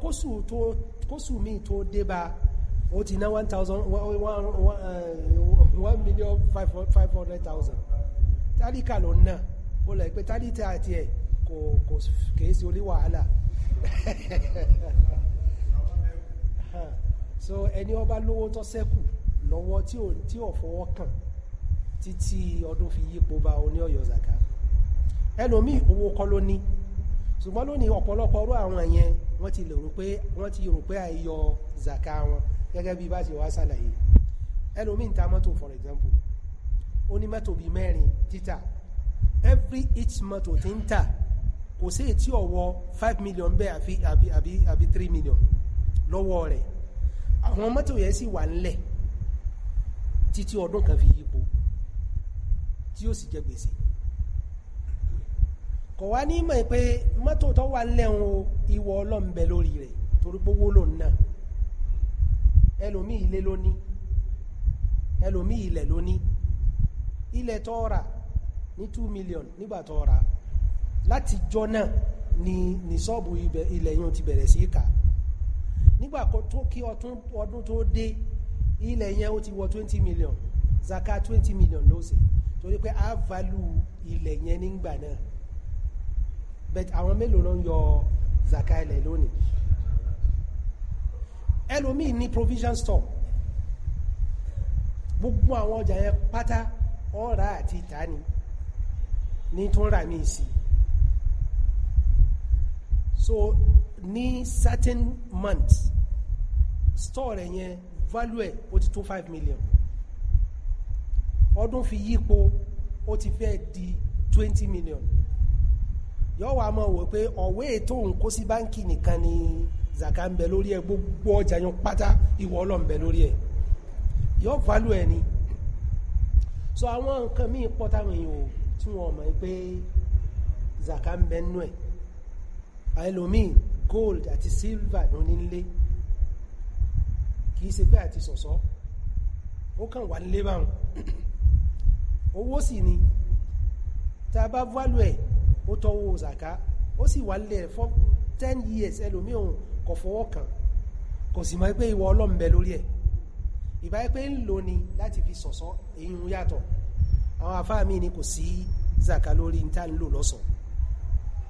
kóṣù míì tó dé bá ó ti ná one thousand one one one uh, million five five hundred thousand tálíkà ló ná ó lọ pé tálíkà àti ẹ̀ kò kò kìí sí orí wàhálà so ẹni ọba lówó tó ṣẹ́kù lọ́wọ́ tí ò fọwọ́ kàn títí ọdún fi yípo bá oní ọ̀yọ́ zaka ẹlòmí owó kọ́ ló ní ṣùgbọ́n lónìí ọ̀pọ̀lọpọ̀ ọrọ̀ àwọn yẹn wọ́n ti rò pé àìyọ zaka wọn gẹ́gẹ́ bí bá ṣe wá ṣàlàyé ẹlòmíì ń ta mọ́tò for example ó ní mọ́tò bíi mẹ́rin títà every each mọ́tò tí ń tà kò sí ètí ọ̀wọ́ five million bẹ́ẹ̀ àfi àbí àbí àbí three million lọ́wọ́ rẹ̀ àwọn mọ́tò yẹn sì wà ńlẹ̀ títí ọdún kan fi yípo tí ó sì jẹ gbèsè kò wá ní mọ̀ pé mọ́tò tó wà ńlẹ̀ ń wo ìwọ ọlọ́mbẹ lórí rẹ̀ torí pé owó lòun náà ẹlòmí ilé lóní ẹlòmí ilẹ̀ lóní ilẹ̀ tó rà ní 2 million nígbà tó rà láti jọ náà ni ní sọ́ọ̀bù ilẹ̀ yìí ti bẹ̀rẹ̀ sí kà nígbà tó kí ọdún tó dé ilẹ̀ yẹn ó ti wọ 20 million zaka 20 million ló ṣe torí pé a value ilẹ̀ yẹn nígbà náà but àwọn mélòó ló ń yọ zaka ilẹ̀ lónìí ẹlòmíì ní provision store gbogbo àwọn ọjà yẹn pátá ọ̀rà àti ìta ni ní tó rà mí sí so ní certain months store rẹ̀ yẹn value ẹ̀ ó ti tó 5 million ọdún fi yípo ó ti fẹ́ di 20 million yọ́ wà mọ̀ wò pé ọ̀wé ètò òun kó sí báńkì nìkan ni. Kani, zaka ń bẹ lórí ẹ gbogbo ọjà yan pátá ìwọ ọlọ́run bẹ lórí ẹ yọ value ẹni so àwọn nǹkan míì pọ̀ táwọn èèyàn tí wọ́n mọ̀ pé zaka ń bẹ nú ẹ̀ ẹlòmíì gold àti silver ló ní nílé kìí ṣe pé àti sọ̀sọ́ ó kàn wà nílé báhùn owó sì ni tá bá value ẹ̀ ó tọ́wọ́ zaka ó sì wà nílé ẹ̀ for 10 years ẹlòmíì òun kò fọwọ́ kàn kò sì mọ̀ pé ìwọ Ọlọ́run bẹ lórí ẹ̀ ìbá pé ń lò ní láti fi sọ̀sọ́ èyí ń yàtọ̀ àwọn afáà míì ni kò sí zaka lórí níta ń lò lọ́sàn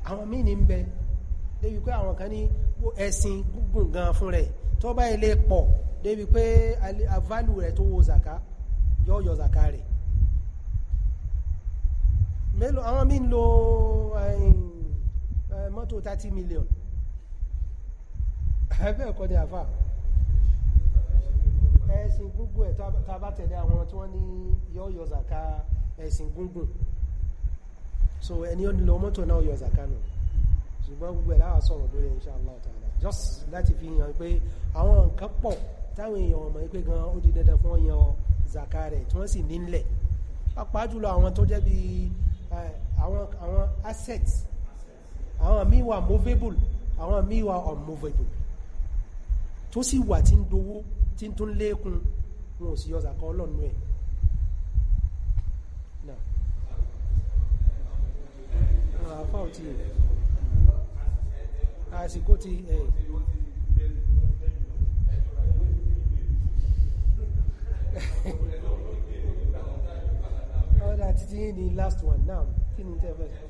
àwọn míì ni ń bẹ débi pé àwọn kan ní ẹ̀sìn gúngùn gan fún rẹ̀ tó bá ilé pọ̀ débi pé avalu rẹ̀ tó wo zaka yọ yọ zaka rẹ̀ mélòó àwọn míì ń lo eh, eh, mọ́tò 30 million ẹgbẹ́ ẹ̀kọ́ ni àfà ẹ̀sìn gúngùn ẹ̀ tá a bá tẹ̀lé àwọn tí wọ́n ní yọ́ọ̀yọ̀ zàká ẹ̀sìn gúngùn so ẹni ó nílò mọ́tò náà yọ zàká nù ṣùgbọ́n gbogbo ẹ̀ láwà sọ̀rọ̀ lórí insha Allah just láti fi hàn pé àwọn nǹkan pọ̀ táwọn èèyàn ọmọ pé gan ó di dandan fún ọyàn zàká rẹ̀ tí wọ́n sì nílẹ̀ pàápàá jùlọ àwọn tó jẹ́ bí àwọn àwọn assets àwọn míì wà movable àwọn míì wà unmovable tó sì wà tí ń dowó tí ń tún lékún wọn ò sì yọ zàkà ọlọ́nu ẹ̀ àfáà ti àsìkò last one now kí ni tẹ́ fẹ́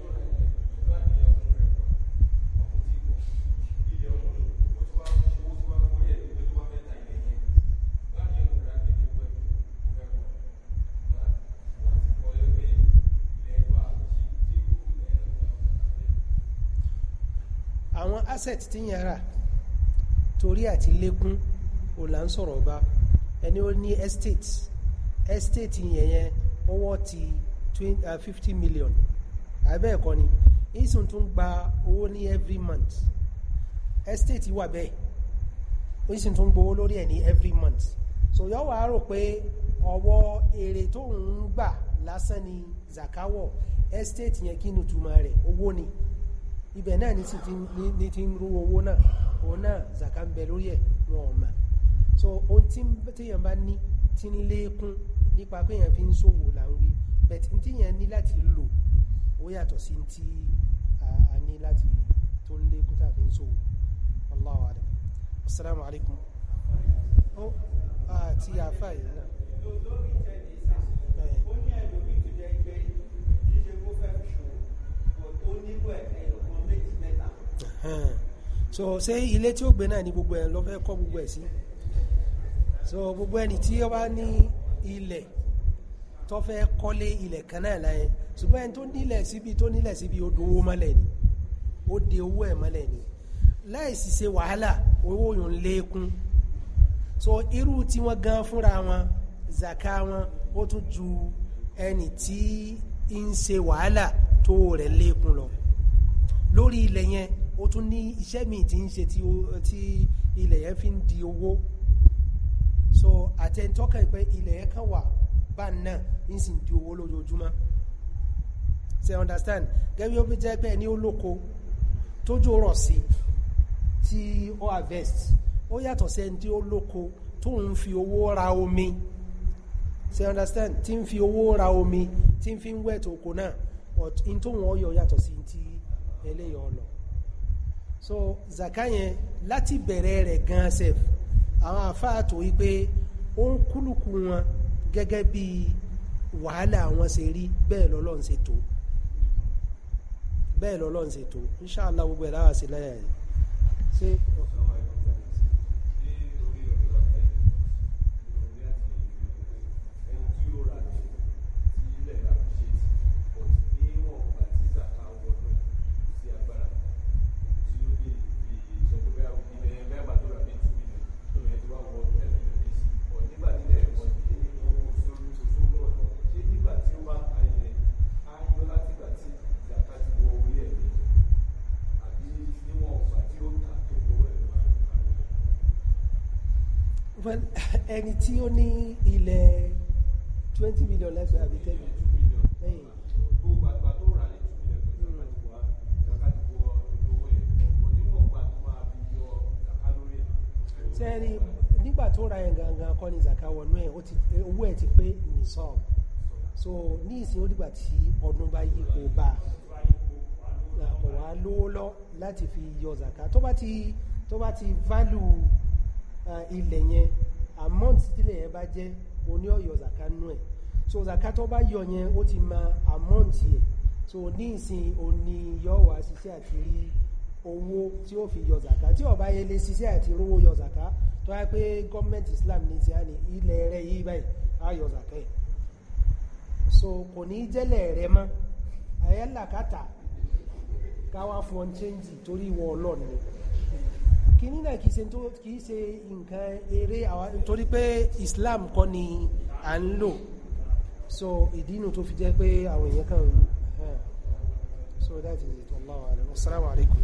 àwọn asset tí yẹn rà torí àti lékún ò là ń sọ̀rọ̀ bá ẹni ó ní estate estate yẹn yẹn owó ti 20, million àbẹ́ ẹ̀kọ́ ni ìsùn tún gba owó ní every month estate wà bẹ́ẹ̀ ìsùn tún gbowó lórí ẹ̀ ní every month so yọ wàá rò pé ọwọ́ èrè tó ń gbà lásán ni zakawọ̀ estate yẹn kí ni túmọ̀ rẹ̀ owó ni ibẹ̀ náà ní sì ní ti ń rú owó náà òun náà zaka ń bẹ lórí ẹ̀ wọn ò mọ̀ so ohun tí èèyàn bá ní tí ń lékún nípa pé èèyàn fi ń ṣòwò là ń wí bẹ̀tí tí èèyàn ní láti lò ó yàtọ̀ sí tí a ní láti tó ń lékún tá a fi ń ṣòwò Allahu alam assalamu alaikum ó àti àfà yìí náà ó ní ẹ̀lòmí tó jẹ́ pé kì í ṣe kó fẹ́ ṣòwò ó nílò ẹ̀ so ṣé ilé tí ó gbé náà ni gbogbo ẹ̀ lọ fẹ́ kọ́ gbogbo ẹ̀ sí so gbogbo ẹni tí ó bá ní ilẹ̀ tó fẹ́ kọ́lé ilẹ̀ kan náà láyẹn ṣùgbọ́n ẹni tó nílẹ̀ síbi tó nílẹ̀ síbi ó dowó mọ́lẹ̀ ni ó de owó ẹ̀ mọ́lẹ̀ ni láìsí ṣe wàhálà owó yòó lékún so irú tí wọ́n gan fúnra wọn zaka wọn ó tún ju ẹni tí ń ṣe wàhálà tó rẹ̀ lékún lọ lórí ilẹ̀ yẹn ó tún ní iṣẹ́ míì tí ń ṣe tí ilẹ̀ yẹn fi ń di owó so àtẹ̀ntọ́kẹ̀ pé ilẹ̀ yẹn kan wà bá náà ń sì di owó lójoojúmọ́ ṣe understand gẹ́gẹ́ bí ó fi jẹ́ pé ẹni ó lóko tójú rọ̀ sí tí ó harvest ó yàtọ̀ sí ẹni tí ó lóko tó ń fi owó ra omi ṣe understand tí ń fi owó ra omi tí ń fi ń wẹ̀ tó oko náà in tó yàtọ̀ sí ti eléyọ̀ ọ̀nà so zaka yẹn láti bẹ̀rẹ̀ rẹ̀ gan sef àwọn àfáà tó wípé ó ń kúlùkù wọn gẹ́gẹ́ bí wàhálà wọn ṣe rí bẹ́ẹ̀ lọ́lọ́run ṣe tó bẹ́ẹ̀ lọ́lọ́run ṣe tó inṣáàlá gbogbo ẹ̀ láwàá sí lẹ́yà yìí well ẹni tí ó ní ilẹ̀ twenty million lẹ́sẹ̀ àbí ten million. sẹ́ẹ̀rì nígbà tó ra yẹn gangan kọ́ ni zaka wọnú ẹ̀ owó ẹ̀ ti pé nìsọ́ọ̀ so ní ìsìn ó dìgbà tí ọdún bá yípo bá kò wá lówó lọ láti fi yọ zaka tó bá ti tó bá ti value ilẹ̀ yẹn amount tílẹ̀ yẹn bá jẹ́ oní ọ̀yọ̀ zaka nú ẹ̀ so zaka tó bá yọ yẹn ó ti ma amount yẹn so ní ìsìn òní yọ wá ṣiṣẹ́ àti rí owó tí ó fi yọ zaka tí ó bá yẹ lè ṣiṣẹ́ àti rówó yọ zaka tó yẹ pé gọ́ọ̀mẹ̀ntì Islam ní ti á ní ilẹ̀ rẹ̀ yí báyìí á yọ zaka yẹn so kò ní jẹ́lẹ̀ rẹ̀ mọ́ ayẹ́là kàtà káwá fún ọ ń torí ìwọ ọlọ́ọ̀ni kìíní náà kìí ṣe kìí ṣe nǹkan eré àwa nítorí pé Islam kọ́ ni à ń lò so ìdí inú tó fi jẹ́ pé àwọn èèyàn kan so that is it wallahu alam alaikum